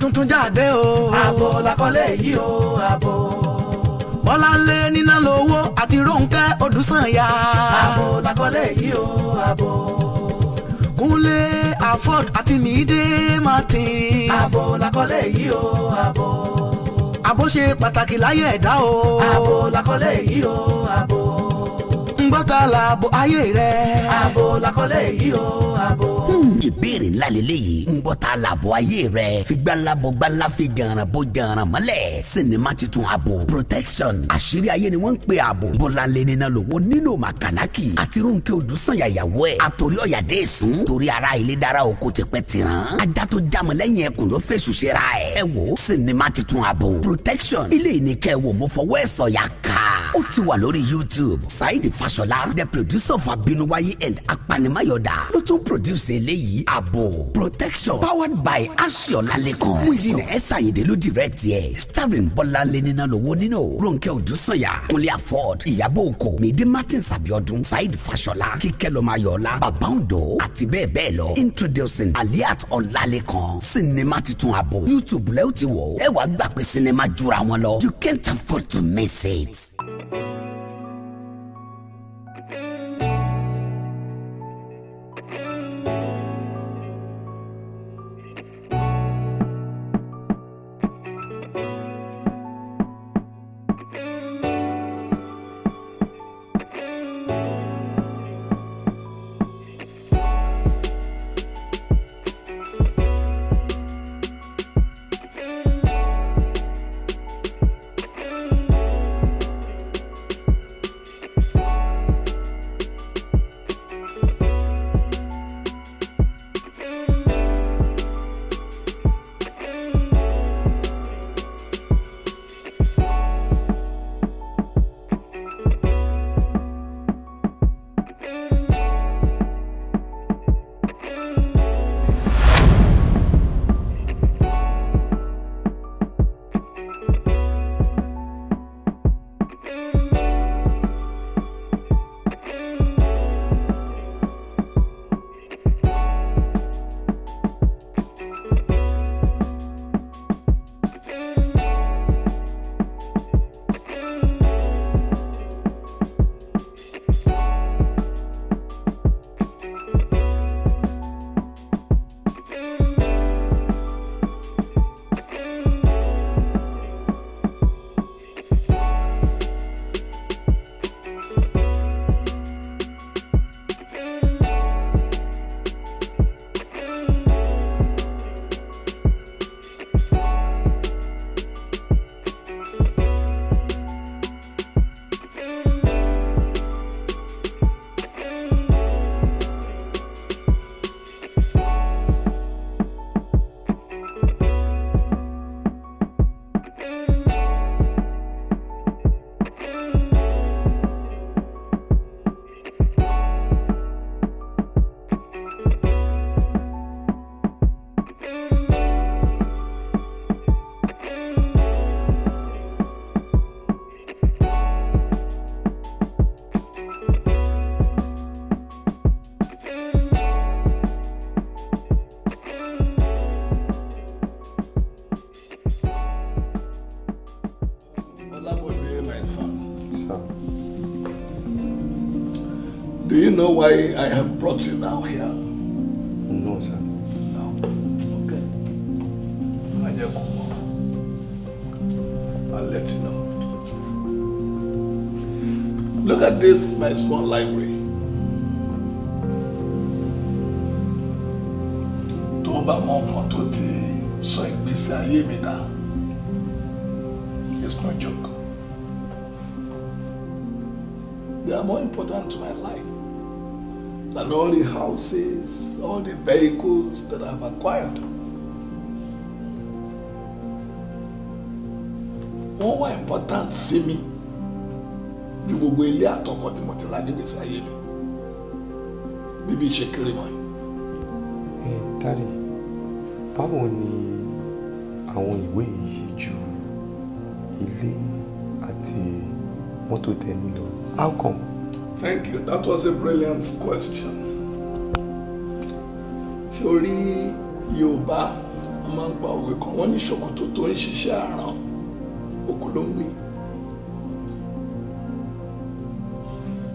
tuntun jáde o. àbò làkọlé yìí o àbò. bọ́láńlé níná lówó àti rónkẹ́ odùsànyà. àbò làkọlé yìí o àbò. kúnlé afọ́d àti mìídé martin. ààbò làkọlé yìí o ààbò. ààbò ṣe pàtàkì láyé ẹ̀dá o. ààbò làkọlé yìí o ààbò. ń gbọ́ta làbò ayé rẹ̀. ààbò làkọlé yìí o ààbò ìbéèrè ńlá lélẹ́yìí ń bọ́ ta làbọ̀ ayé rẹ̀ figbalabọ̀ gbalafi jàǹràbọ̀ jàǹràmọ́lẹ̀ sinimá titun ààbò protection àṣírí ayé ni wọ́n ń pè ààbò bọ́láńlé nínà lówó nílò màkànákì àti ronke odùsànyà ìyàwó ẹ̀ àtòrí ọ̀yàdé ìsún torí ara ilé dára oko ti pẹ́ ajá tó jámọ́ lẹ́yìn ẹkùn ló fèsù ṣera ẹ̀ ẹ wo sinimá titun ààbò protection ilé ìníkẹ́ wo mo fọwọ́ ẹ̀ sọ̀yà ká ó ti wà lórí youtube saheed fashola the producer of abinuwaye and apanimayoda ló tún produce eléyìí ààbò protection powered by asion alekan mujin ẹsà yìí ló direct yẹ starring bọ́lá lẹ́nìnà lówó nínú ronke odúsànyà kúnlé afford ìyàbọ̀ oko mèdè martin sabiodun saheed fashola kíkẹ́ lọ́mayọ̀ọ́lá babaundo àti bẹ́ẹ̀ bẹ́ẹ̀ lọ introducing aliat ọ̀làlẹ́kan sinimá titun ààbò youtube lẹ́wọ̀ ti wọ̀ ẹ wàá gbà pé sinimá jura wọn lọ you can't afford to miss it. why I have brought you down here? No, sir. No? Okay. I'll let you know. Look at this, my small library. Tó bá mọ nǹkan tó ti sọ It's no joke. They are more important to my life and all the houses, all the vehicles that I've acquired. Wọ́n wá important See me. You gbogbo ilé there to mo ti ra nígbèsí ayé mi. Bíbí ìṣe kéré mọ́. Ẹ dáre, báwo ni àwọn ìwé yìí ṣe ju ilé àti mọ́tò tẹ nílò? How come? Thank you. That was a brilliant question. Sórí Yorùbá, wọ́n máa ń pa òwe kan, wọ́n ní ṣòkòtò tó ń ṣiṣẹ́ àrán, òkú ló ń gbé.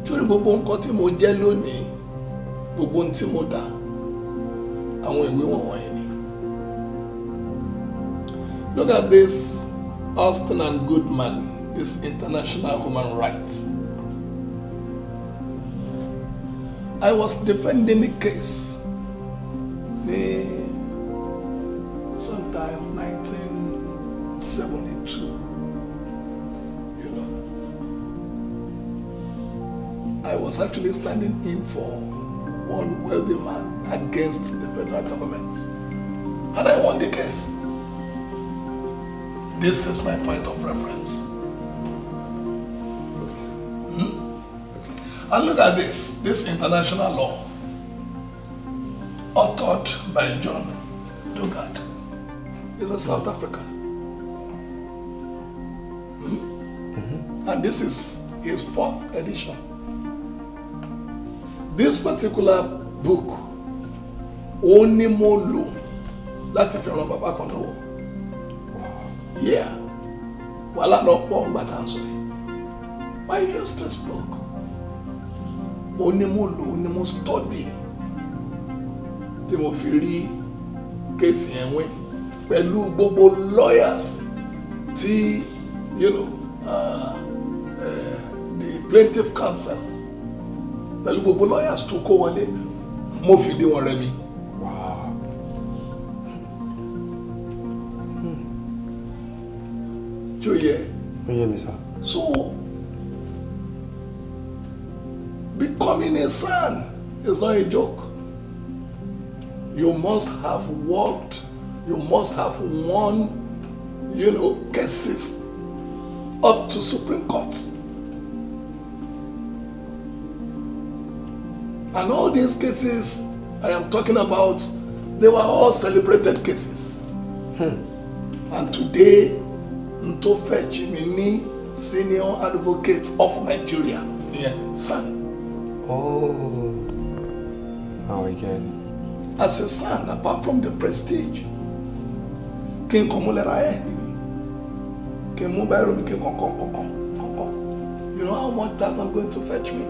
Sórí gbogbo nǹkan tí mo jẹ́ lónìí, gbogbo ohun tí mo dá, àwọn ìwé wọ̀nyí ni. Look at this Austin and Goodman, this international human rights. I was defending the case. The sometimes 1972, you know. I was actually standing in for one wealthy man against the federal government. And I won the case. This is my point of reference. And look at this, this international law, authored by John Dugard. He's a South African. Hmm? Mm -hmm. And this is his fourth edition. This particular book, ó ní mo lò láti fi ràn bàbá kan lọ́wọ́. Yeah, wàhálà lọ Why you use this book? ó ní mo lò ó ní mo study tí mo fi rí kéèsì yẹn wí pẹ̀lú gbogbo lawyers tí you know, uh, uh, the plaintiff counsel pẹ̀lú gbogbo lawyers tó kó wọlé mo fi dé wọn rẹ mi. tí ó yẹ. ó yẹ mi sá. so Becoming a son is not a joke. You must have worked, you must have won, you know, cases up to Supreme Court. And all these cases I am talking about, they were all celebrated cases. Hmm. And today, Ntofe Chimini, senior advocate of Nigeria, near yeah. San Oh. Now I get it. As a son, apart from the prestige, can n kàn mú lẹ́ra ẹ̀ kí n mú come, come, come, n kàn you know how much that I'm going to fetch me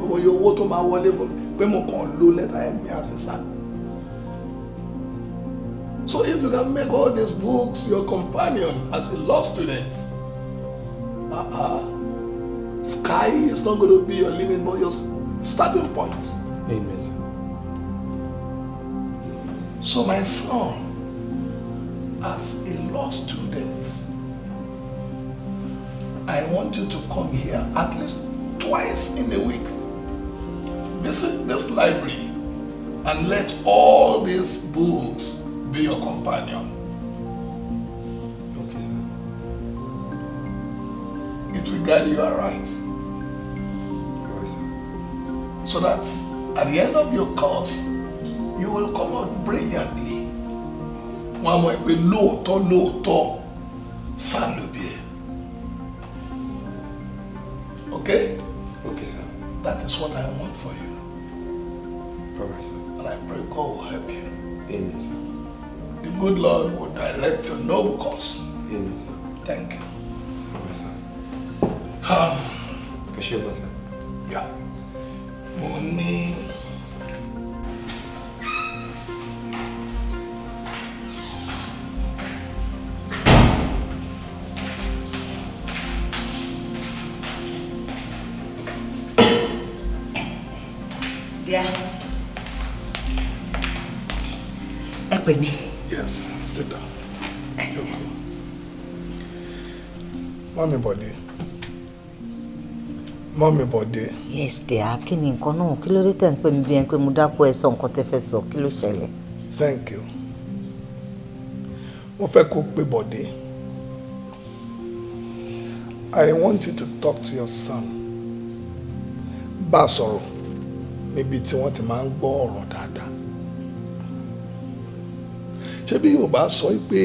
When you tó máa wọlé fún mi pé mo kàn lo lẹ́ra ẹ̀ mi as a son so if you can make all these books your companion as a law student uh -uh. Sky is not going to be your limit, but your starting point. Amen. So my son, as a law student, I want you to come here at least twice in a week. Visit this library and let all these books be your companion. God, you are right. So that at the end of your course, you will come out brilliantly. One way be low to low to San bí Okay? Okay, sir. That is what I want for you. All right, sir. And I pray God will help you. Amen, sir. The good Lord will direct your noble course. Amen, sir. Thank you. ẹ ṣe ọgbọ́n sá. mo ní mọ́ mi Bọ̀dé. yes dear kí ni nǹkan náà kí ló dé tẹ̀ ń pè mí bí ẹni pé mo dákú ẹ sọ nǹkan tẹ́ fẹ́ sọ kí ló ṣẹlẹ̀. thank you mo fẹ́ kó pe Bọ̀dé I want you to talk to your son bá a sọ̀rọ̀ níbi tí wọ́n ti máa ń gbọ́ ọ̀rọ̀ dáadáa ṣé bí Yorùbá sọ pé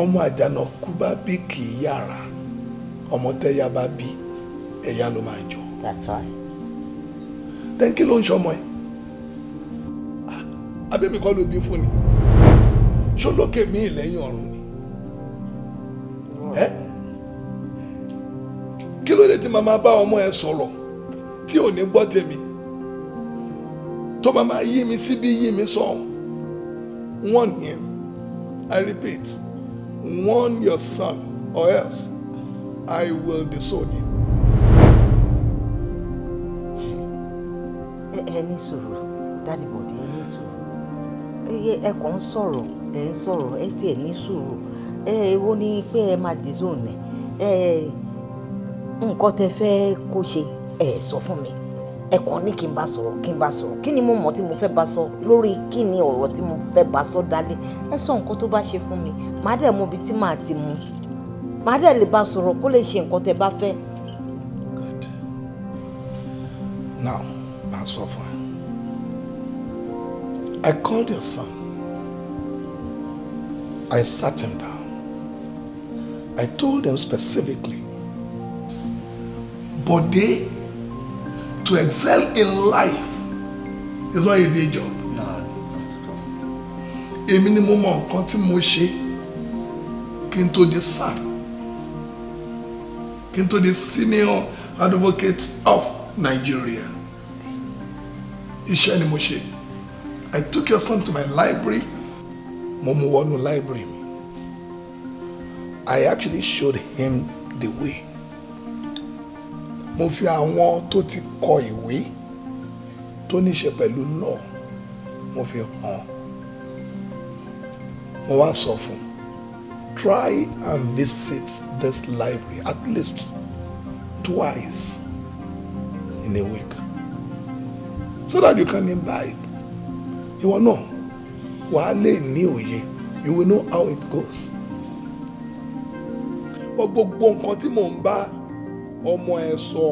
ọmọ àjànà kú bá bí kì í yàrá ọmọ tẹ́yà bá bí ẹ̀yà ló máa jọ. that's right. then kí ló ń ṣọmọ ẹ ah, abẹ́mi kọ́ ló bí fún ni ṣó lókè mí lẹ́yìn ọ̀run ni ẹ kí ló dé tí màmá bá ọmọ ẹ sọ̀rọ̀ tí ò ní gbọ́ tèmi tó màmá yí mi síbí yí mi sọ̀hún warn him I repeat warn your son or else I will disown you. ẹ ní sùúrù dáàdì bọ̀dé ẹ ní sùúrù ẹ kàn ń sọ̀rọ̀ ẹ ń sọ̀rọ̀ ẹ sì ẹ ní sùúrù ẹ wo ni pé ẹ máa dì zone ẹ nǹkan tẹ fẹ́ kó ṣe ẹ sọ fún mi ẹ kàn ní kí n bá sọ̀rọ̀ kí n bá sọ̀rọ̀ kí ni mo mọ̀ tí mo fẹ́ bá sọ lórí kí ni ọ̀rọ̀ tí mo fẹ́ bá sọ dálé ẹ sọ nǹkan tó bá ṣe fún mi màá dẹ̀ mọ ibi tí màá ti mú màá dẹ̀ lè bá sọ̀rọ̀ kó lè ṣe nǹkan tẹ bá fẹ́. Good. Now máa sọ I called your son. I sat him down. I told him specifically, Bode, to excel in life is not a day job. No. ni mo mọ nǹkan tí mo ṣe kí n tó di sáà into the senior advocate of Nigeria iṣẹ́ ni mo ṣe I took your son to my library mo mú wọnú library mi I actually showed him the way mo fi àwọn tó ti kọ ìwé tó ní ṣe pẹ̀lú law mo fi hàn mo wá sọ fún try and visit this library at least twice in a week so that you can imbibe you will know. Wale ni oye, you will know how it goes. gbogbo nǹkan tí mò ń bá ọmọ ẹ sọ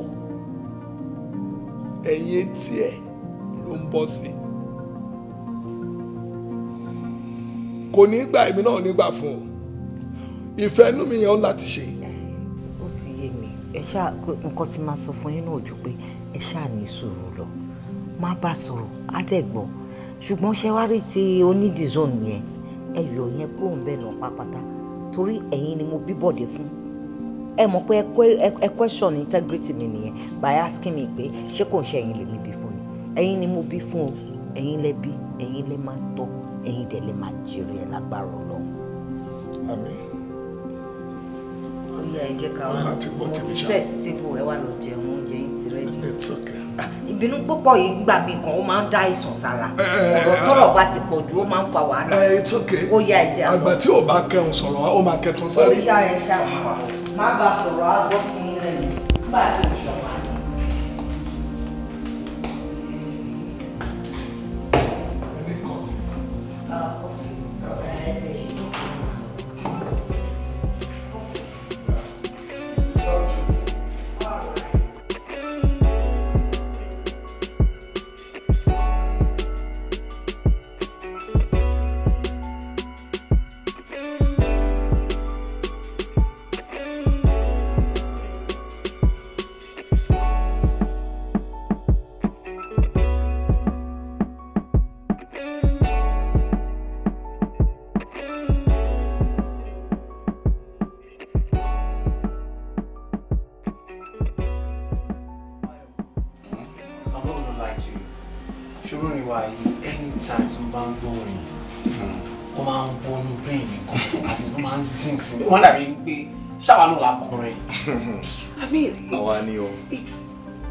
ẹ̀yìn etí ẹ̀ ló ń bọ́ sí. kò ní gbà èmi náà nígbà fún ọ ìfẹ́ mi yẹn lati láti ṣe. ó ti yé mi ẹ ṣáà nǹkan tí màá sọ fún yín náà jù pé ẹ ṣáà ní sùúrù lọ má bà sọ̀rọ̀ á dẹ̀ gbọ́ ṣùgbọ́n ṣe wá rí ti onídìzọ́nù yẹn ẹ yọ yẹn kúrò ń bẹ̀ nà pápátá torí ẹ̀yin ni mo bí Bọ̀dé fún ẹ mọ̀ pé ẹ question integrity mi nìyẹn by asking me pé ṣé kò ń ṣe ẹ̀yin lèmi bí fún mi ẹ̀yin ni mo bí fún o ẹ̀yin lẹ bí ẹ̀yin lẹ máa tọ́ ẹ̀yin dẹ̀ lẹ máa jèrè ẹ̀ lágbára Ọlọ́run. àmín ọ̀yà ẹ jẹ́ ká wá mo ti set table ẹ wá lọ jẹun oúnjẹ yín ti rẹ́dí ìbínú púpọ̀ yìí gbà mí kan ó máa ń dá ìsùn sára eh, eh, ọ̀rọ̀ eh, tọ́rọ̀ bá ti pọ̀ jù ó máa ń fa wàhálà ó yá ẹ̀jẹ̀ àlọ́ àgbà tí ò bá kẹun sọ̀rọ̀ ó máa kẹtun sáré. ó yá ẹ̀ṣẹ̀ má bàa sọ̀rọ̀ àgbọ̀ sí nígbà tó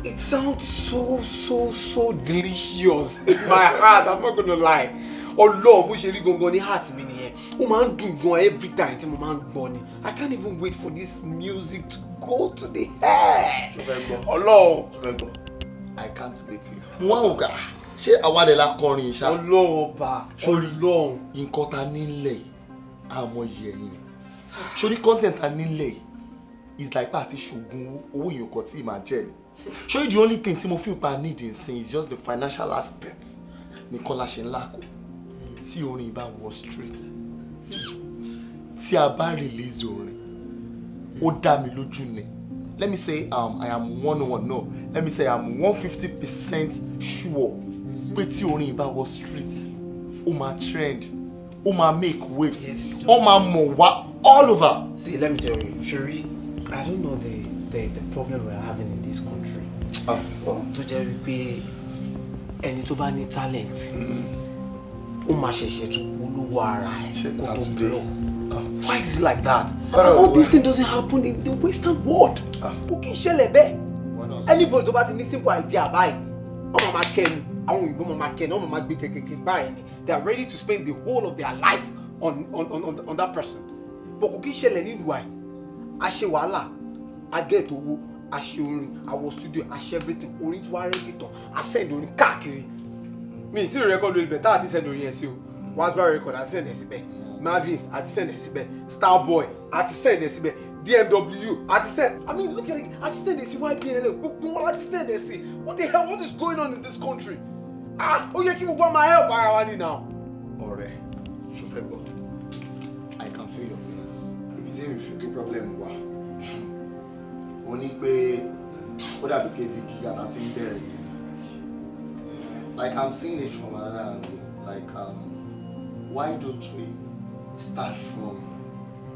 It sounds so so so delicious in my heart I'm not gonna lie. Ọlọ́run bó ṣe rí gangan ní heart mi nìyẹn. Ó máa ń dùn gan every time tí mo máa ń gbọ́ ni. I can't even wait for this music to go to the head. Ọlọ́run. I can't wait. Wọ́n ò gà ṣé àwa lè la kọrin ṣá. Ọlọ́run ọba. Sori nǹkan ta nílẹ̀ àmọ̀yẹ̀ ni. Sori content ta nílẹ̀ is like pa àti ṣògùn owó èèyàn kan tí ì máa jẹ́ ni. Show you the only thing tí mo fi pa need is just the financial aspect nìkan la ṣe ń làkò tí orin bá wọ street tí a bá release orin ó dá mi lójú let me say um, i am one oh one no let me say i am one fifty percent sure But tí only bá wọ street ó máa trend ó máa make waves ó máa mọ̀ wá all over. see let me tell you Shuri i don't know the the, the problem we are having in this country. Ah, tó jẹ́ wípé ẹni tó bá any talent ó máa ṣẹ̀ṣẹ̀ tún olówó ara ẹ̀ kó ah. Why is it like that? And all this thing doesn't happen in the western world. Who can share ṣẹlẹ̀ bẹ́ẹ̀ anybody tó bá ti simple idea báyìí Oh my kẹ́ I want òyìnbó máa máa kẹ́ ni ọmọ máa gbé kékeré báyìí they are ready to spend the whole of their life on on on on, on that person. but who can share ṣẹlẹ̀ nílùú àì a wala. wàhálà I agẹ́ẹ̀tì owó àṣẹ orin àwọ̀ studio àṣẹ everything orin tí wàá rẹ́gì tán àṣẹ́ǹd orin káàkiri mi ì tí ì rẹ́kọ̀dù olùbẹ̀tà àti send orin yẹn sí o wasbury record àti sẹ́ǹd ẹ̀ síbẹ̀ marvins àti sẹ́ǹd ẹ̀ síbẹ̀ starboy àti sẹ́ǹd ẹ̀ síbẹ̀ dmw àti send. i mean look at it àti sẹ́ǹd ẹ̀ sí YBL, gbogbo wọn àti sẹ́ǹd ẹ̀ sí what the hell what is going on in this country ah ó yẹ kí gbogbo ọmọ help ara wa ni now. ọ̀rẹ́ ṣọfẹ gbọ i can feel your pains ibi tí mi fi kí problem wà. Wow ó ní pé ó dàbí kébi gíga láti ń bẹ̀rẹ̀ like I'm seeing it from another angle like um, why don't we start from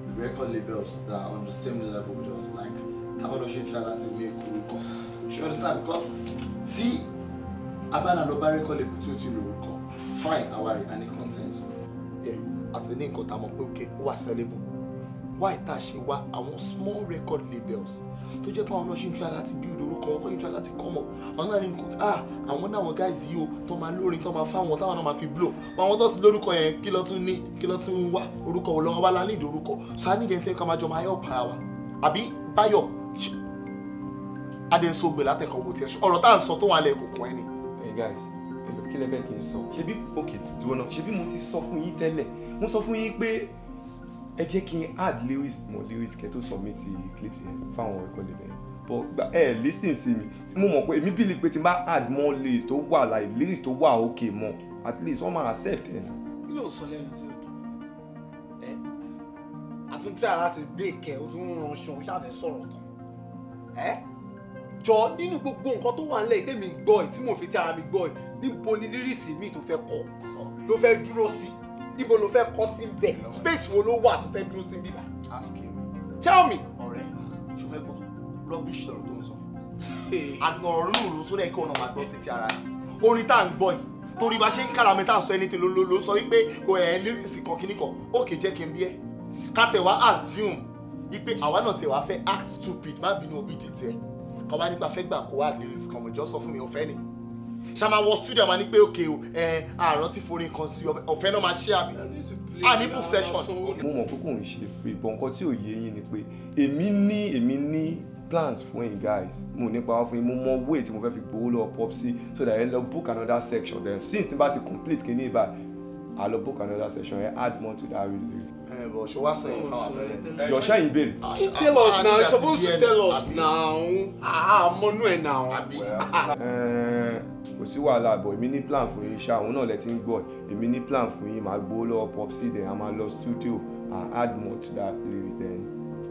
the record labels that on the same level with us like táwọn ọ̀ṣẹ́ try láti make orúkọ ṣé understand because tí abala lọ bá record label tí ó ti lórúkọ fine àwárí and the content àti ní nǹkan tá a mọ̀ pé ó wà sellable wá ìta ṣe wá àwọn small record labels tó jẹ́ pé àwọn náà ṣe ń try láti build orúkọ wọn kọ́ ń try láti come up àwọn náà ní ah àwọn náà àwọn guys yìí o tó máa lórin tó máa fáwọn táwọn náà máa fi blow àwọn tó sì lórúkọ yẹn kí ló tún ní kí ló tún wá orúkọ wò lọ́wọ́ wá la need orúkọ so a need ẹ̀ńtẹ́ ká máa jọ máa help ara wa àbí báyọ̀ adẹ́nsógbè látẹ̀kọ̀ wò tiẹ̀ ọ̀rọ̀ tá à ń sọ tó wà lẹ̀ kòkó ẹni. Hey guys kí lẹ bẹ́ẹ̀ kí n sọ ṣebí ok tiwọn náà ṣebí mo ti sọ fún yín tẹ́lẹ̀ mo sọ fún yín pé ẹ jẹ́ kí n add lyrics mọ́ lyrics kẹ́ tó submit clips yẹn fáwọn ẹ̀kọ́ lè bẹ̀rẹ̀ but ẹ lis ten sí mi tí mo mọ̀ pé èmi bí pé tí n bá add more lyrics tó wà like lyrics tó wà ok mọ́ at least wọ́n máa accept ẹ̀ na. kí ló sọ lẹ́nu tí o dùn ẹ àtúntò aláṣẹ break ẹ o tún ń ran ṣan ṣáfẹ́ sọ̀rọ̀ tán ẹ jọ nínú gbogbo nǹkan tó wà nílẹ̀ tèmi gbọ́ ẹ̀ tí mo fi ti ara mi gbọ́ ẹ̀ níbo ni lyrics mi tó fẹ́ kọ ló fẹ́ dúró sí i ibo ló fẹ́ kọ́ sí bẹ́ẹ̀ space wo ló wà tó fẹ́ dúró sí bíbá. ask him. tell me. ọ̀rẹ́ ṣo fẹ́ gbọ́ rubbish lọ́rọ̀ tó ń sọ àsìkò ọ̀rọ̀ nínú ìlú sórí ẹ̀kọ́ ọ̀nà máa gbọ́ sí ti ara rẹ̀ orin tá à ń gbọ́ yìí torí bá ṣe ń kára mi tá à ń sọ ẹni tí ló ló sọ wípé kò ẹ̀ lírìsì kan kíní kan ó kè jẹ́ kí n bí ẹ́ ká tẹ̀ wá assume wípé àwa náà tẹ̀ wá fẹ́ act stupid má bínú òbí jì tiẹ̀ kọ́ wá nípa fẹ́ gbà kó wá lírìsì kan mo jọ sọ fún mi ọ̀fẹ́ ni ṣàmà wọ studio àmà ní pé òkè o ẹ àrùn ti forí nǹkan sí ọ̀fẹ́ náà máa ṣe àbí a ní book session. mo mọ̀ pé kò ń ṣe free but nǹkan tí ò yé yín ni pé èmi ní èmi ní plans fún yín guys mo nípa wọn fún yín mo mọ way mo fẹ́ fi gbowó lọ popsi so that ẹ lọ book another section then since tí bá ti complete kìíní ibà a lọ book another section ẹ add more to that review. ẹ bọ ṣọwá sẹ́yìn fáwọn abẹ́rẹ́. jọ̀ṣẹ́ yìí béèrè. tell us now you suppose to tell us now àmọ́nú ah, ah, ẹ̀ now. kò sí wàhálà bọ̀ èmi ní plan fún yín ṣá òun náà lẹ ti ń gbọ́ èmi ní plan fún yín màá gbowó lọ́wọ́ popsi then a máa lọ studio and add more to that lyrics then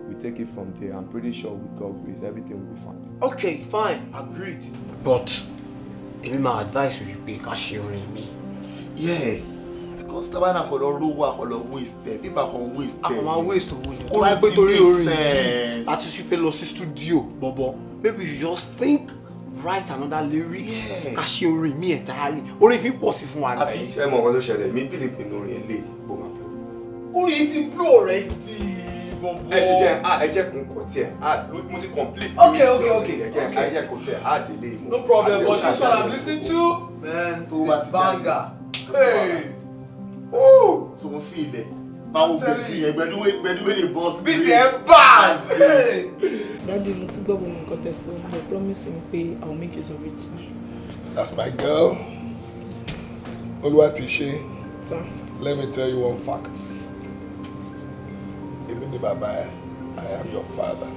we take it from there i'm pretty sure with God grace everything will be fine. okay fine agreed. but èmi máa advice you pé ká ṣe orin mi. yeah because tabana kò lọ rówó àkọlọ waste ẹ bíbá kan waste ẹ. àkọmọ waste owó ni. ó ti make sense. àti ṣùfẹ́ lọ sí studio bọ̀bọ̀ maybe you just think write another lyrics ká ṣe orin mi entirely orin fi pọ̀ sí fún wa. àbí ẹ mọ nǹkan tó ṣẹlẹ̀ mi believe nínú orin ilé bó máa blow. orin ti blow rẹ di gbogbo. ẹ ṣe jẹ a ẹ jẹ kun kò tiẹ mo ti complete. ok ok ok ẹ jẹ ẹ jẹ kò tiẹ a dé lé no problem but this one i'm listening to. man tó bá ti jáde. banga. so mo fi ilẹ̀ báwo bèbí yẹn gbẹdú gbẹdúwé ni bọ́ọ̀sì. bí ti ẹ bá a ṣe. dádì mo ti gbọ́ gbogbo nǹkan tẹ̀sán they promise me pé i will make use of it. that's my girl olúwa ti ṣe let me tell you one fact èmi ni bàbá ẹ i am your father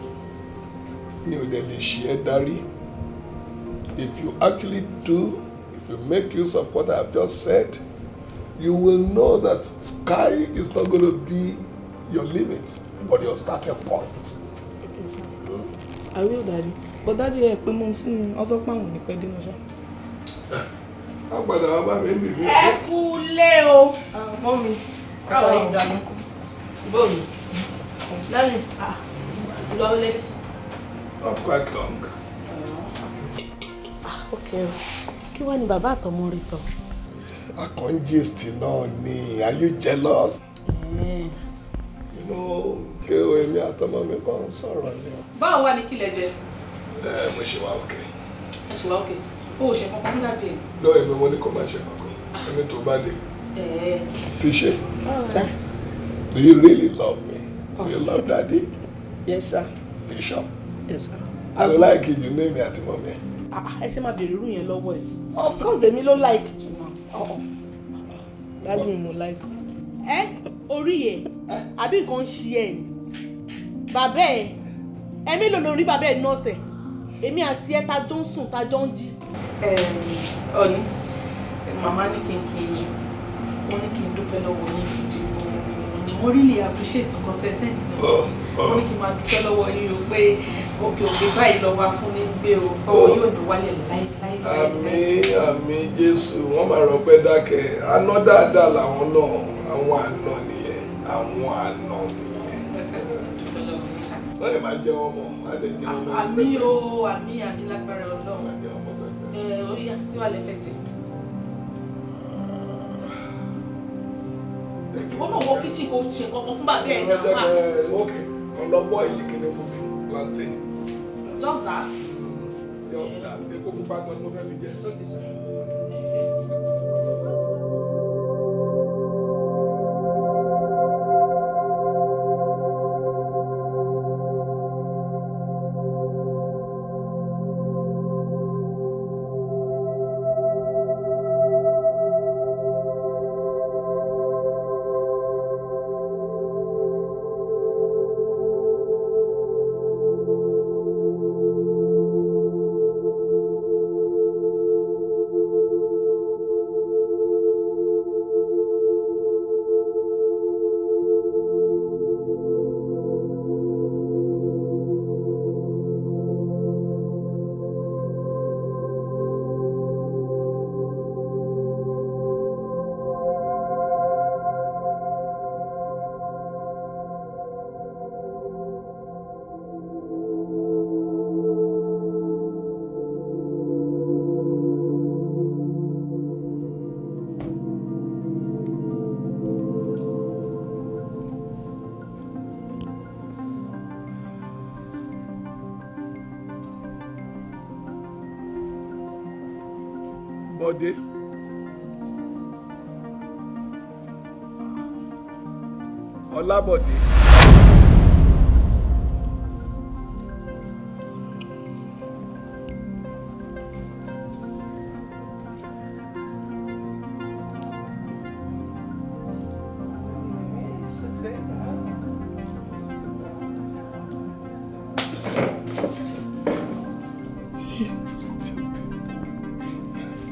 mi ò dẹ̀ lè ṣe ẹ́ darí if you actually do if you make use of what i have just said you will know that sky is not going to be your limit but your starting point. Hmm. I will, Daddy. But Daddy, ẹ pé mọ́ sí mi, ọ sọ pé àwọn ò ní pẹ́ dínà ṣá. Á padà wá bá mi Mommy, bì mí. Ẹ kú lé o. Not quite long. Ah, okay. kí wá ni Baba, àtọmọ rí akọ́njist náà ni are you jealous? Mm. you know pé o èmi àtọmọ mi kan ń sọ̀rọ̀ ni. báwo wà ní kílẹ̀ jẹ. ẹ mo ṣe wá òkè. ẹ ṣe wá òkè o ò ṣe kankan fún dàdí ẹ. lọ èmi mo ní kó má ṣe kankan ẹni tó bá lè. ti ṣe. sir. do you really love me? do you love daddy? yes sir. you sure? yes sir. I like you, you know me àti mọ́ mi. Ah, ah, ẹ ṣe máa bèrè irú yẹn lọ́wọ́ ẹ of course èmi ló like too dájú mi mo láìkọ. ẹ orí yẹ àbí nǹkan ń ṣe ẹ ni bàbá ẹ ẹ mélòó lórí bàbá ẹ náà sẹ èmi àti ẹ ta jọ ń sùn ta jọ ń jí. ọ̀nì màmá ní kí n kí yín wọ́n ní kí n dúpẹ́ lọ́wọ́ yín gidi gan-an mo really appreciate nǹkan fẹ́ fẹ́ sí i ó oh. ní kí n máa dúpẹ́ lọ́wọ́ yín o pé òkè òkè báyìí lọ́wọ́ fún mi gbé o ọwọ́ oh. yóò ní wálẹ̀ láíláí. àmín àmín jésù wọn máa rọpẹ́ dákẹ́ àná dáadáa làwọn náà àwọn àná nìyẹn àwọn àná nìyẹn. wọ́n lè máa jẹ ọmọ á lè jẹ ọmọ. àmín o àmín àmín lágbára ọlọ́run ẹ ó yá kí wàá lè fẹ́ jẹ. Hmm. ìwọ náà wọ kíchìn kó ṣe kọkọ fún bàbá ẹ náà wà kan lọ kìíní fún mi plantain. just that. Mm, just that epo pupa gan ni fẹ́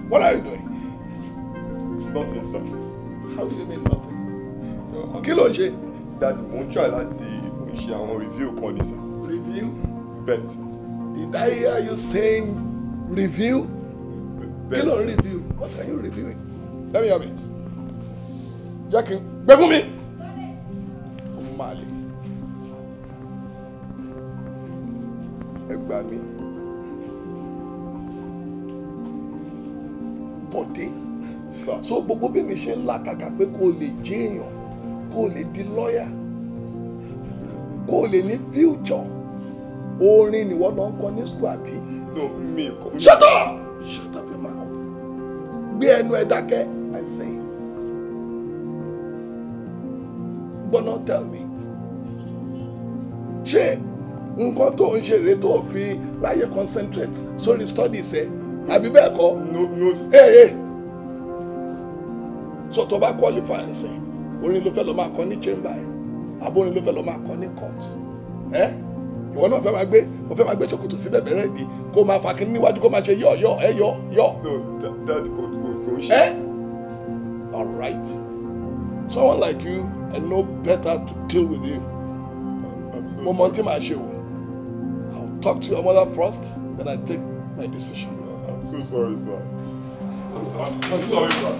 What are you doing? Nothing, sir. How do you mean nothing? Kill ló dáàdì mò ń try láti ṣe àwọn review kan ní review? bet. did I hear you saying review? bet kí review what are you reviewing? let me have it. jẹ́ kí n gbẹ fún mi. ọmọ ẹ gbà mí. bọ̀dé. so gbogbo bí mi ṣe ń làkàkà pé kó lè jẹ́ èèyàn kó lè di lọ́yà kó lè ní future orin nìwọ náà ń kọ ní school àbí. no mi kò. shut up shut up your mouth gbé ẹnu ẹ dákẹ́ i say gbọ́nà tell me ṣé nǹkan tó ń ṣe rèé tó fi ráyè concentrate sórí studies ẹ àbí bẹ́ẹ̀ kọ́. no no. Hey, hey. so tó bá qualify ẹ̀ sìn orin ló fẹ́ lọ máa kọ ní chamber ẹ̀ àbórin ló fẹ́ lọ máa kọ ní court ẹ̀ ìwọ náà fẹ́ máa gbé o fẹ́ máa gbé ṣòkòtò sí bẹ̀bẹ̀ rẹ̀ di kó máa fa kínní níwájú kó máa ṣe yọ̀ yọ̀ ẹ yọ̀ yọ̀. ẹ all right someone like you I know better to deal with you mo mọ tí màá ṣe o I will talk to your mother first then I take my decision. I'm so sorry sir. I'm sorry, I'm sorry sir.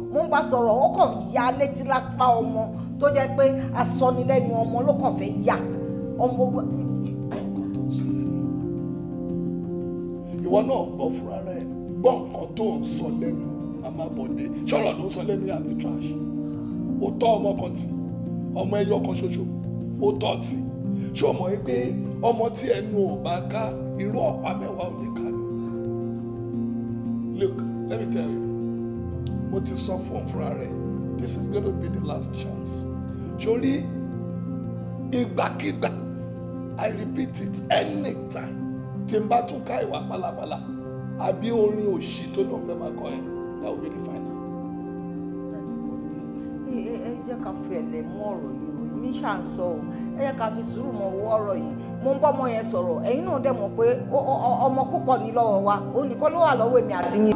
mo ń bá sọ̀rọ̀ ó kàn ya létí lápá ọmọ tó jẹ́ pé asọ́nilẹ́nu ọmọ ló kàn fẹ́ yà ọmọ. ìwọ náà gbọ́ fúnra rẹ gbọ́ nǹkan tó ń sọ lẹ́nu màmá bọ̀dé sọ̀rọ̀ ló ń sọ lẹ́nu yàrá trash ó tọ́ ọmọ kan tì ọmọ ẹyọ kan ṣoṣo ó tọ́ tì ṣé o mọ̀ ẹ́ pé ọmọ tí ẹnu ò bá ká irú ọ̀pá mẹ́wàá ò lè ká ni look let me tell you ó ti sọ fún fúnra rẹ̀ this is gonna be the last chance sórí ìgbàkigbà i repeat it anytime tí n bá tún ká ìwà pálapàla àbí orin òṣì tó lóun fẹ́ máa kọ yẹn that will be the final. ẹ ẹ jẹ́ ká fi ẹ̀lẹ́ mú ọ̀rọ̀ yìí mi ṣà ń sọ o ẹ yẹ ká fi sùúrù mọ owó ọ̀rọ̀ yìí mo ń bọ ọmọ yẹn sọ̀rọ̀ ẹ̀yin náà dẹ̀ mọ̀ pé ọmọ púpọ̀ ní lọ́wọ́ wa òun nìkan ló wà lọ́wọ́ èmi àti yín.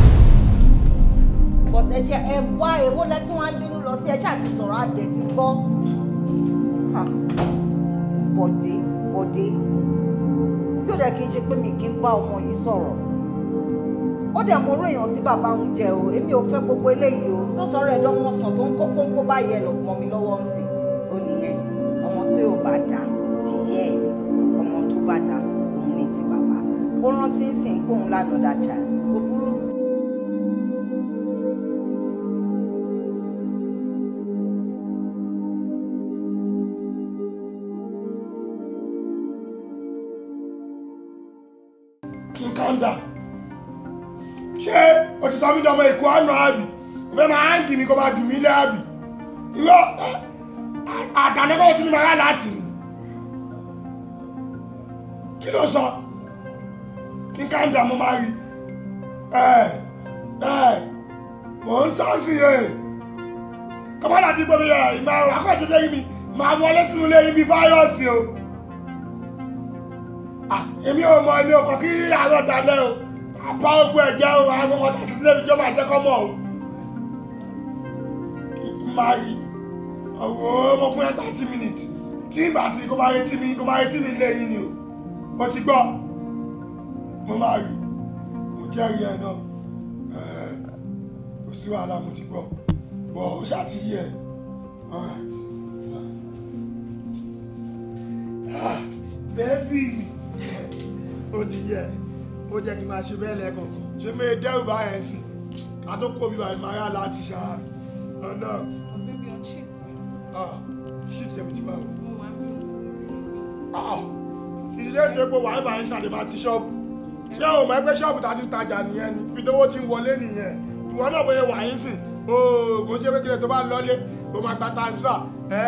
but ẹ ṣe ẹ wá èwo lẹ tí wọ́n ń bínú lọ sí ẹ ṣáà ti sọ̀rọ̀ adẹ̀ ti gbọ́ bọ̀dé bọ̀dé tí ó dẹ̀ kí n ṣe pé mi kì í bá ọmọ yìí sọ̀rọ̀ ó dẹ̀ mọ orú èèyàn tí bàbá ń jẹ o èmi ò fẹ́ gbogbo eléyìí o tó sọ̀rọ̀ ẹ̀dọ́ wọn sàn tó ń kó pọ́npọ́ báyìí ẹ̀ lọ mọ́ mi lọ́wọ́ ń sìn ó nìyẹn ọmọ tó yóò bá dà sí yẹ́ ẹ̀ ọmọ tó bá dà òun ní ti bàbá ó rántí sìn pé lánàá dájà ni. thunder ṣé o ti sọ mí dọmọ èkó àná àbí o fẹ́ máa hàngì mi kó máa dùn mí lé àbí irọ́ àtànẹ́kọ̀ọ́ tún ní máa rà láti ni kí ló sọ kí káńdà mo máa rí ẹ ẹ mò ń sọ sí i kọ́mọ́dà ti gbọ́ mi ẹ̀ ìmọ̀ àwọn akọ́jọ́ lẹ́yìn mi màá wọlé sínú lẹ́yìn bí fáyọ́sì o. Ah, èmi ò mọ ẹni ọkọ kí àárọ̀ dalẹ̀ o àbá ogun ẹ̀jẹ̀ o àwọn ọmọ tàṣí sílẹ̀ mi jọba àjẹkọ́ o. máa yí mo fún ẹ thirty minutes tí ìgbà tí kò bá retí mi kò bá retí mi lẹ́yìn ni o mo ti gbọ́ mo máa rí mo jẹ́rìí ẹ náà kò sí wàhálà mo ti gbọ́ bọ̀ ó ṣáà ti yí ẹ. All right. Ah, baby ó ti yẹ ó jẹ́ kí n máa ṣe bẹ́ẹ̀ lẹ́kọ̀ọ́ ṣé mi dẹ́rù bá yẹn sìn ká tó kó mi bá mi ara láti ṣá ọ̀nà. bébí ọ̀n ṣíìtì mi. ṣíìtì ẹ̀mí ti bá wọ. mo wà mí o. ìdílé tó gbó wàá bá ń ṣàdébà ti ṣọ́ọ̀bù ṣé o mọ̀ ẹgbẹ́ ṣọ́ọ̀bù tá a ti tajà nìyẹn ni ibi tó wó ti ń wọlé nìyẹn ìwọ náà bóyá wà yín sìn ooo kò ń ṣe kékeré tó bá ń lọlé o máa gba transfer ẹ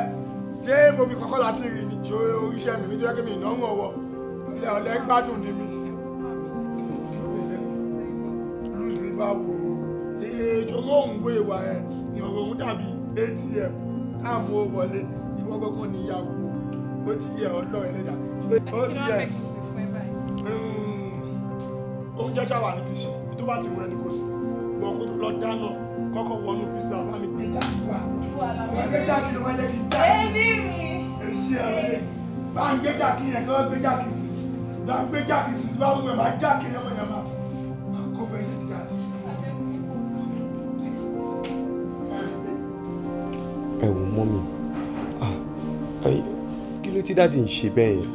ṣé mo ilé alẹ́ gbádùn ní mi. blues mi bá wo ìṣòro òun wo ìwà ẹ̀ ní ọ̀rọ̀ òun dàbí atm káàmù ó wọlé ìwọ gbọ́gbọ́n ní ìyàwó ó ti yẹ ọlọ́run ẹlẹ́dà ó ti yẹ hmm. oúnjẹ ṣàwà ní kìí ṣe tó bá ti wọ ẹni kò sí wọn kó tó lọ dáná kọ́kọ́ wọnú fisa bá mi gbé jáde wá wọn gbé jáde ló máa jẹ́ kí n jáde èsì ẹ̀rọ bá ń gbé jáde yẹn kí wọ́n gbé jáde sí bá gbé jákè sí bá mú ẹ bá jákè yamayama bá kó bẹ yẹ dìgbà tí. ẹ wò mọ́mì kí ló ti dáàdi ń ṣe bẹ́ẹ̀ yẹn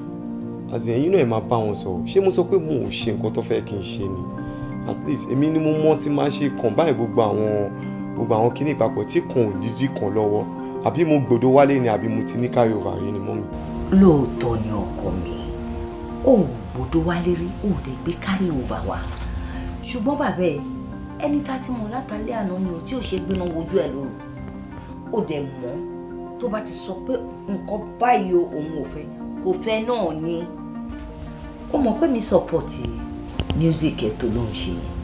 àti ẹ̀yin náà ẹ̀ máa bá wọn sọ̀rọ̀ ṣé mo sọ pé mo ò ṣe nǹkan tó fẹ́ kí n ṣe ni at least èmi ni mo mọ̀ ti máa ṣe kàn báyìí gbogbo àwọn gbogbo àwọn kinní ìpapọ̀ tí kàn ò dídí kan lọ́wọ́ àbí mo gbọ́dọ̀ wálé ni àbí mo ti ní carry over rí ni mọ́mì. lóòótọ́ ni ọkọ mi ò bòdó wálé rí ò dé gbé carry over wa ṣùgbọ́n bàbá ẹ ẹni tá a ti mọ̀ látàlẹ́ àná ni o tí ò ṣe gbéná wojú ẹ lóru ó dẹ̀ mọ́ tó bá ti sọ pé nǹkan báyìí o òun ò fẹ́ kò fẹ́ náà ni ó mọ̀ pé mi sọ̀pọ̀tì music ẹ̀ tó ló ń ṣe yẹn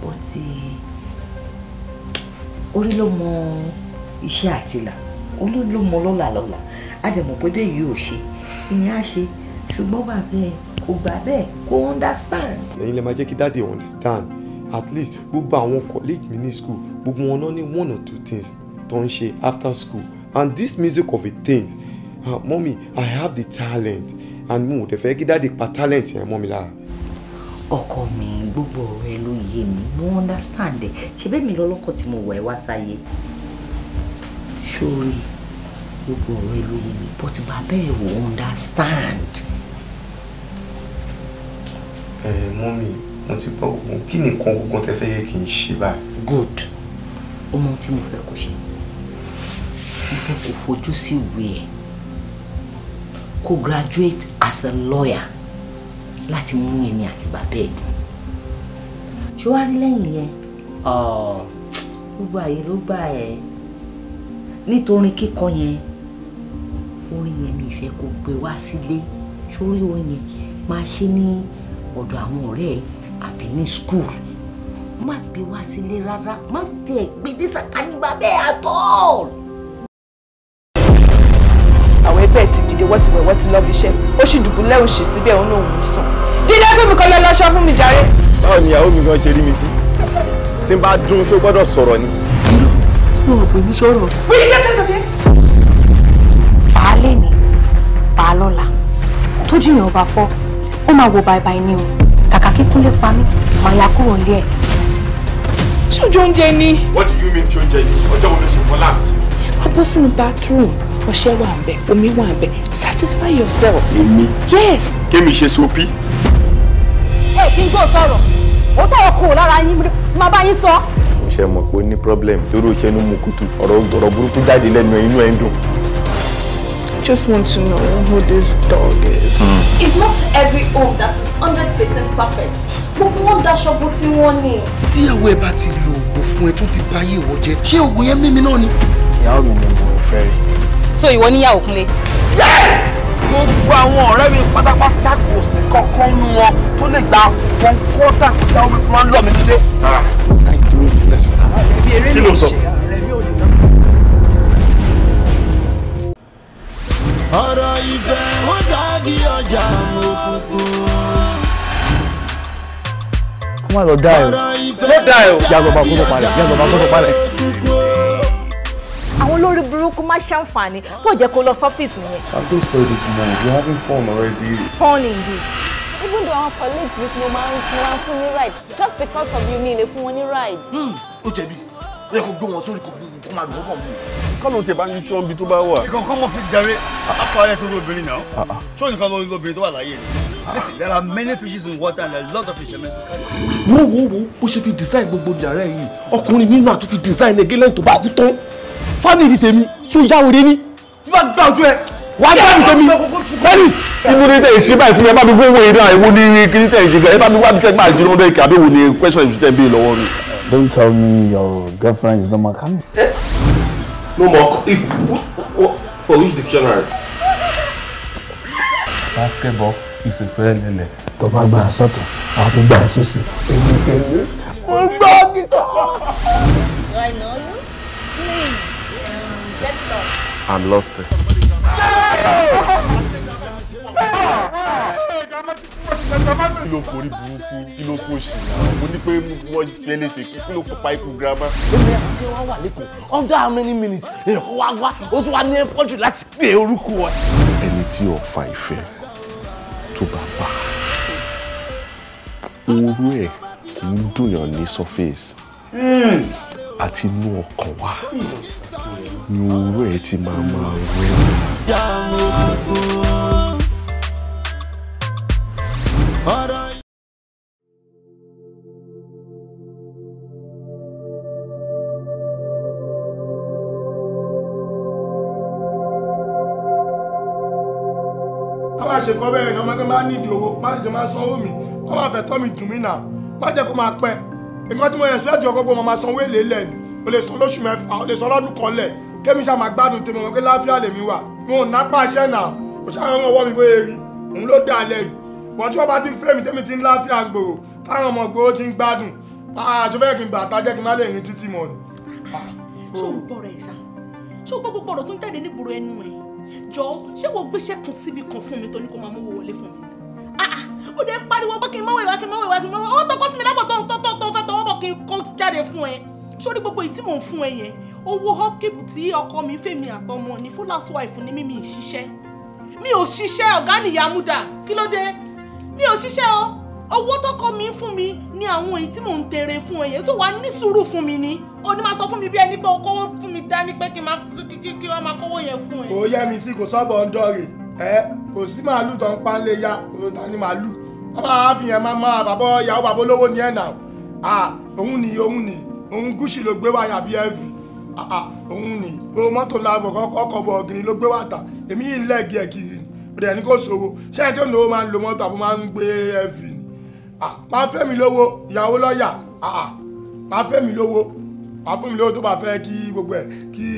bọ́tì orí ló mọ iṣẹ́ àtìlà olú ló mọ lọ́là lọ́là á dẹ̀ mọ̀ pé bẹ́ẹ̀ yìí ò ṣe ìyẹn á ṣe ṣùgbọ́n bàbá ẹ̀ kò gbà bẹ́ẹ̀ kò understand. ẹ̀yin lè máa jẹ́ kí dáàdi understand at least gbogbo àwọn colleague mi ní school gbogbo wọn náà ní one or two things tó ń ṣe after school and this music of a thing uh, ah, mọ́mí i have the talent and mo dẹ̀ fẹ́ kí dáàdi pa talent yẹn mọ́ mi lára ọkọ mi gbogbo ọ̀rọ̀ ẹ ló yé mi mo understand ẹ ṣe bẹ́ẹ̀ mi lọ́lọ́kọ̀ tí mo wọ̀ ẹ́ wá sáyé sórí gbogbo ọ̀rọ̀ ló yé mi but bàbá ẹ wò understand ẹ mọ́mì mo ti gbọ́ ogun kí ni ogun tẹ fẹ́ yẹ kí n ṣe báyìí. good ọmọ tí mo fẹ́ kó ṣe mo fẹ́ kó fojú sí ìwé ẹ̀ kó graduate as a lawyer láti mú èmi àti bàbá ẹ̀ dùn ṣé wàá rí lẹ́yìn yẹn gbogbo àyè ló gbà ẹ́ nítorí kíkọ yẹn orin yẹn mi ìfẹ́ kó gbé wá sílé sórí orin yẹn máa ṣe ní ọ̀dọ̀ àwọn ọ̀rẹ́ ẹ àbí ní school má gbé wá sílé rárá má tẹ̀ gbé dé sàkánìbà bẹ́ẹ̀ àtọ́. àwọn ẹgbẹ́ ti dìde wọ́n ti wẹ̀ wọ́n ti lọ bí iṣẹ́ ó sì dùbúlẹ̀ òṣì síbẹ̀ òun náà òun sùn dídá fún mi kan lọ lọ́ṣọ́ fún mi jàre. báwo ni ìyàwó mi gan ṣe rí mi sí tí n bá dún ṣó gbọ́dọ̀ sọ̀rọ̀ ni. irú yóò pè mí sọ̀rọ̀. wíyí lẹ́tọ̀ lọ́dẹ. pa á lẹ́ni pa tó jìyàn ọba fọ́ ó máa wo bàìbàì ni o kàkà kíkún lè pa mí màá ya kúrò nílé ẹ̀. ṣojú oúnjẹ ni. what do you mean ṣoúnjẹ ni ọjọ́ wo ló ṣe fún last. wá bọ́ sínú bathroom ọṣẹ wà ń bẹ omi wà ń bẹ satisfy yourself. èmi. yes. kémi ṣe sopi. ẹ kí n gbọ́ sọ̀rọ̀ ó tọrọ kù lára yín máa bá yín sọ. mo ṣe mọ̀ pé ó ní problem torí ó ṣe é nu mu kutu ọ̀rọ̀ burúkú jáde lẹ́nu ẹ̀ inú ẹ̀ ń dùn just want to know who this dog is. Mm. It's not every home that is 100% perfect. Gbogbo wọn daṣọ bó tí wọ́n ní. Tí ìyàwó ẹ bá ti lo oògùn fún ẹ tó ti bá yé ìwọ jẹ, ṣé oògùn yẹn mímí náà ni? Ìyàwó mi ni mo fẹ́ rí. So ìwọ níyàwó Kúnlé? Gbogbo àwọn ọ̀rẹ́ mi pátápátá kò sí kankan nínú wọn tó lè gba kọ́ńkọ́tà tí àwọn mi fi máa ń lọ mi nílé. Kí ló sọ? ọ̀rọ̀ ìfẹ́ wọ́n dàbí ọjà òkùnkùn. kó má lọ dá ẹ o ló dá ẹ o yàgò bá kótó palẹ̀ yàgò bá kótó palẹ̀. àwọn olórí burúkú má ṣàǹfààní tó jẹ́ kó lọ sọ́fíìsì nìyẹn. I've just played this morning we're having fun already. fun indeed. even though our colleagues with mo máa ń fún wa fún ní ride just because of you mi lè fún wọn ní ride. Hmm, ó jẹ̀bi ó yẹ kó gbé wọn sórí kó máa lù wọ́n bọ̀ mú kọ́nà tí ẹ bá ń ṣọ́ ibi tó bá wà. ìkọ̀kọ́ mo fi jẹrẹ apá rẹ tó lóbìnrin náà ah, ah. ṣó nìkan lórí lóbìnrin tó wà láyé ni there are many fishes in water and a lot of fishermen to carry. wo wo wo bó ṣe fi design gbogbo jàrá yìí ọkùnrin mi náà design ẹgẹ lẹ́yìn tó bá kú tán fámìlì tèmi ṣó yáwó rẹ ni. tí bá gbà ojú ẹ wàá dáhùn tèmi fẹ́lí. ibo ni tẹ̀ ìṣe báyìí fún mi ẹ bá mi gbówó yìí náà ewu ni kí ni tẹ̀ ìṣe báyìí ẹ bá mi wá tẹ̀ máa jẹun bẹ́ẹ̀ kí àbẹ̀wò ni question ìṣútẹ̀ bíi lọ́wọ́ mi. Don't tell me your girlfriend is not my kind. No more. If for which dictionary? Basketball is a fair lele. Tó bá gbà sọ́tún, a tún gbà sósì. Èmi kẹ́lẹ́. Mo gbọ́ kìsà. I know you. Please, hmm. um, lost. I'm kí forí burúkú kí ló mo ní pé wọ́n jẹ́ léṣe kí ló pa ikú girama. èmi àti ẹ wà lẹ́kọ̀ọ́ under how many minutes èèyàn wá wá ó sì wá ní ẹ̀pọ́jù láti pè orúkọ ẹ. ẹni tí ọ̀fà ìfẹ́ tó bá bá orú ẹ̀ kò ń dùnyàn ní surface hmm. àti inú ọkàn wa ni orú ẹ̀ ti máa máa wẹ́rù ọ̀rọ̀ yìí. bá ṣe kọ́ bẹ́ẹ̀ ni ọmọ ẹgbẹ́ máa ní ìdí owó má sì jẹ́ máa sanwó mi wọ́n máa fẹ́ tọ́ mi dùn mí nà má jẹ́ kó máa pẹ́ èmi wọ́n ti mọ ẹ̀sùn láti ọkọ̀ gbọ́ máa sanwó èlé lẹ̀ ni lè sọ lóṣù mẹ́fà o lè sọ lọ́dún kan lẹ̀ kémi ṣá máa gbádùn tèmi ọmọ pé láfíà lèmi wà mi ò nápa iṣẹ́ nà kò ṣàwọn ọwọ́ mi bóyá rí òun ló dá alẹ́ yìí bọ́n tí wọ́n bá ti fẹ́ mi tẹ́mi ti ń láfíà gbòòrò táwọn ọmọ gbòòrò ti ń gbádùn àjọ ah, fẹ́ kí n bàtà jẹ́ kí n má lè rìn títí mọ́ ni. Ah, ṣé o oh. gbọ́ rẹ̀ ṣá ṣé o gbọ́ gbogbo ọ̀rọ̀ tó ń jáde nígboro ẹnu ẹ̀ jọ ṣé wo gbéṣẹ́ kan síbi kan fún mi tó ní kó máa mówó wọlé fún mi. Ah, ó dé pariwo pé kí n máwèé wá kí n máwèé wá kí n máwèé wá ó tọkọ sí mi lápò tó ń tọ́ tó ń fẹ́ tọwọ́ bọ̀ kí n kọ́ jáde fún ẹ sórí gbogbo ìtí mò ń fún ẹ yẹn owó hopkip tí ọkọ mi fèmí àtọmọ ní fúlàṣọ àìfún ní mímí ìṣiṣẹ́ mi ò ṣiṣẹ́ ọ̀gá nìyá múdà kí ló dé mi ò ṣiṣẹ́ o owó tọkọ mi fún mi ni àwọn èyí tí mò ń tèrè fún ẹ̀yẹ tó wà ní sùúrù fún mi ni ó máa sọ fún mi bí ẹni pé o kówó fún mi dání pé kí n máa kówó yẹn fún ẹ. kò yẹ mi sí kò sọ́bọ̀ ń dọ̀rẹ̀ ẹ kò sí màálù tó ń pánlé ya òun ta ni màálù bàbá àfihàn máa máa bàbá ìyàwó bàbá olówó ni ẹ̀ nà òun ni òun ni òun gúúsì ló gbé wáyà bí ẹ̀ fi òun ni gbogbo mọ́tò ńlá ọkọ̀ bọ̀ ọ̀gìnrín ló gbé wàtà èmi yìí lẹ́ẹ̀gì ẹ̀ kiri ni bẹ̀rẹ̀ ní kò sówó ṣé ẹni tó ń lówó máa ń lo mọ́tò àbó máa ń gbé ẹ̀fì ni ah, máa fẹ́ mi lówó ìyàwó lọ́ọ̀yà ah, ah, máa fẹ́ mi lówó máa fún mi lówó tó bá fẹ́ kí gbogbo ẹ̀ kí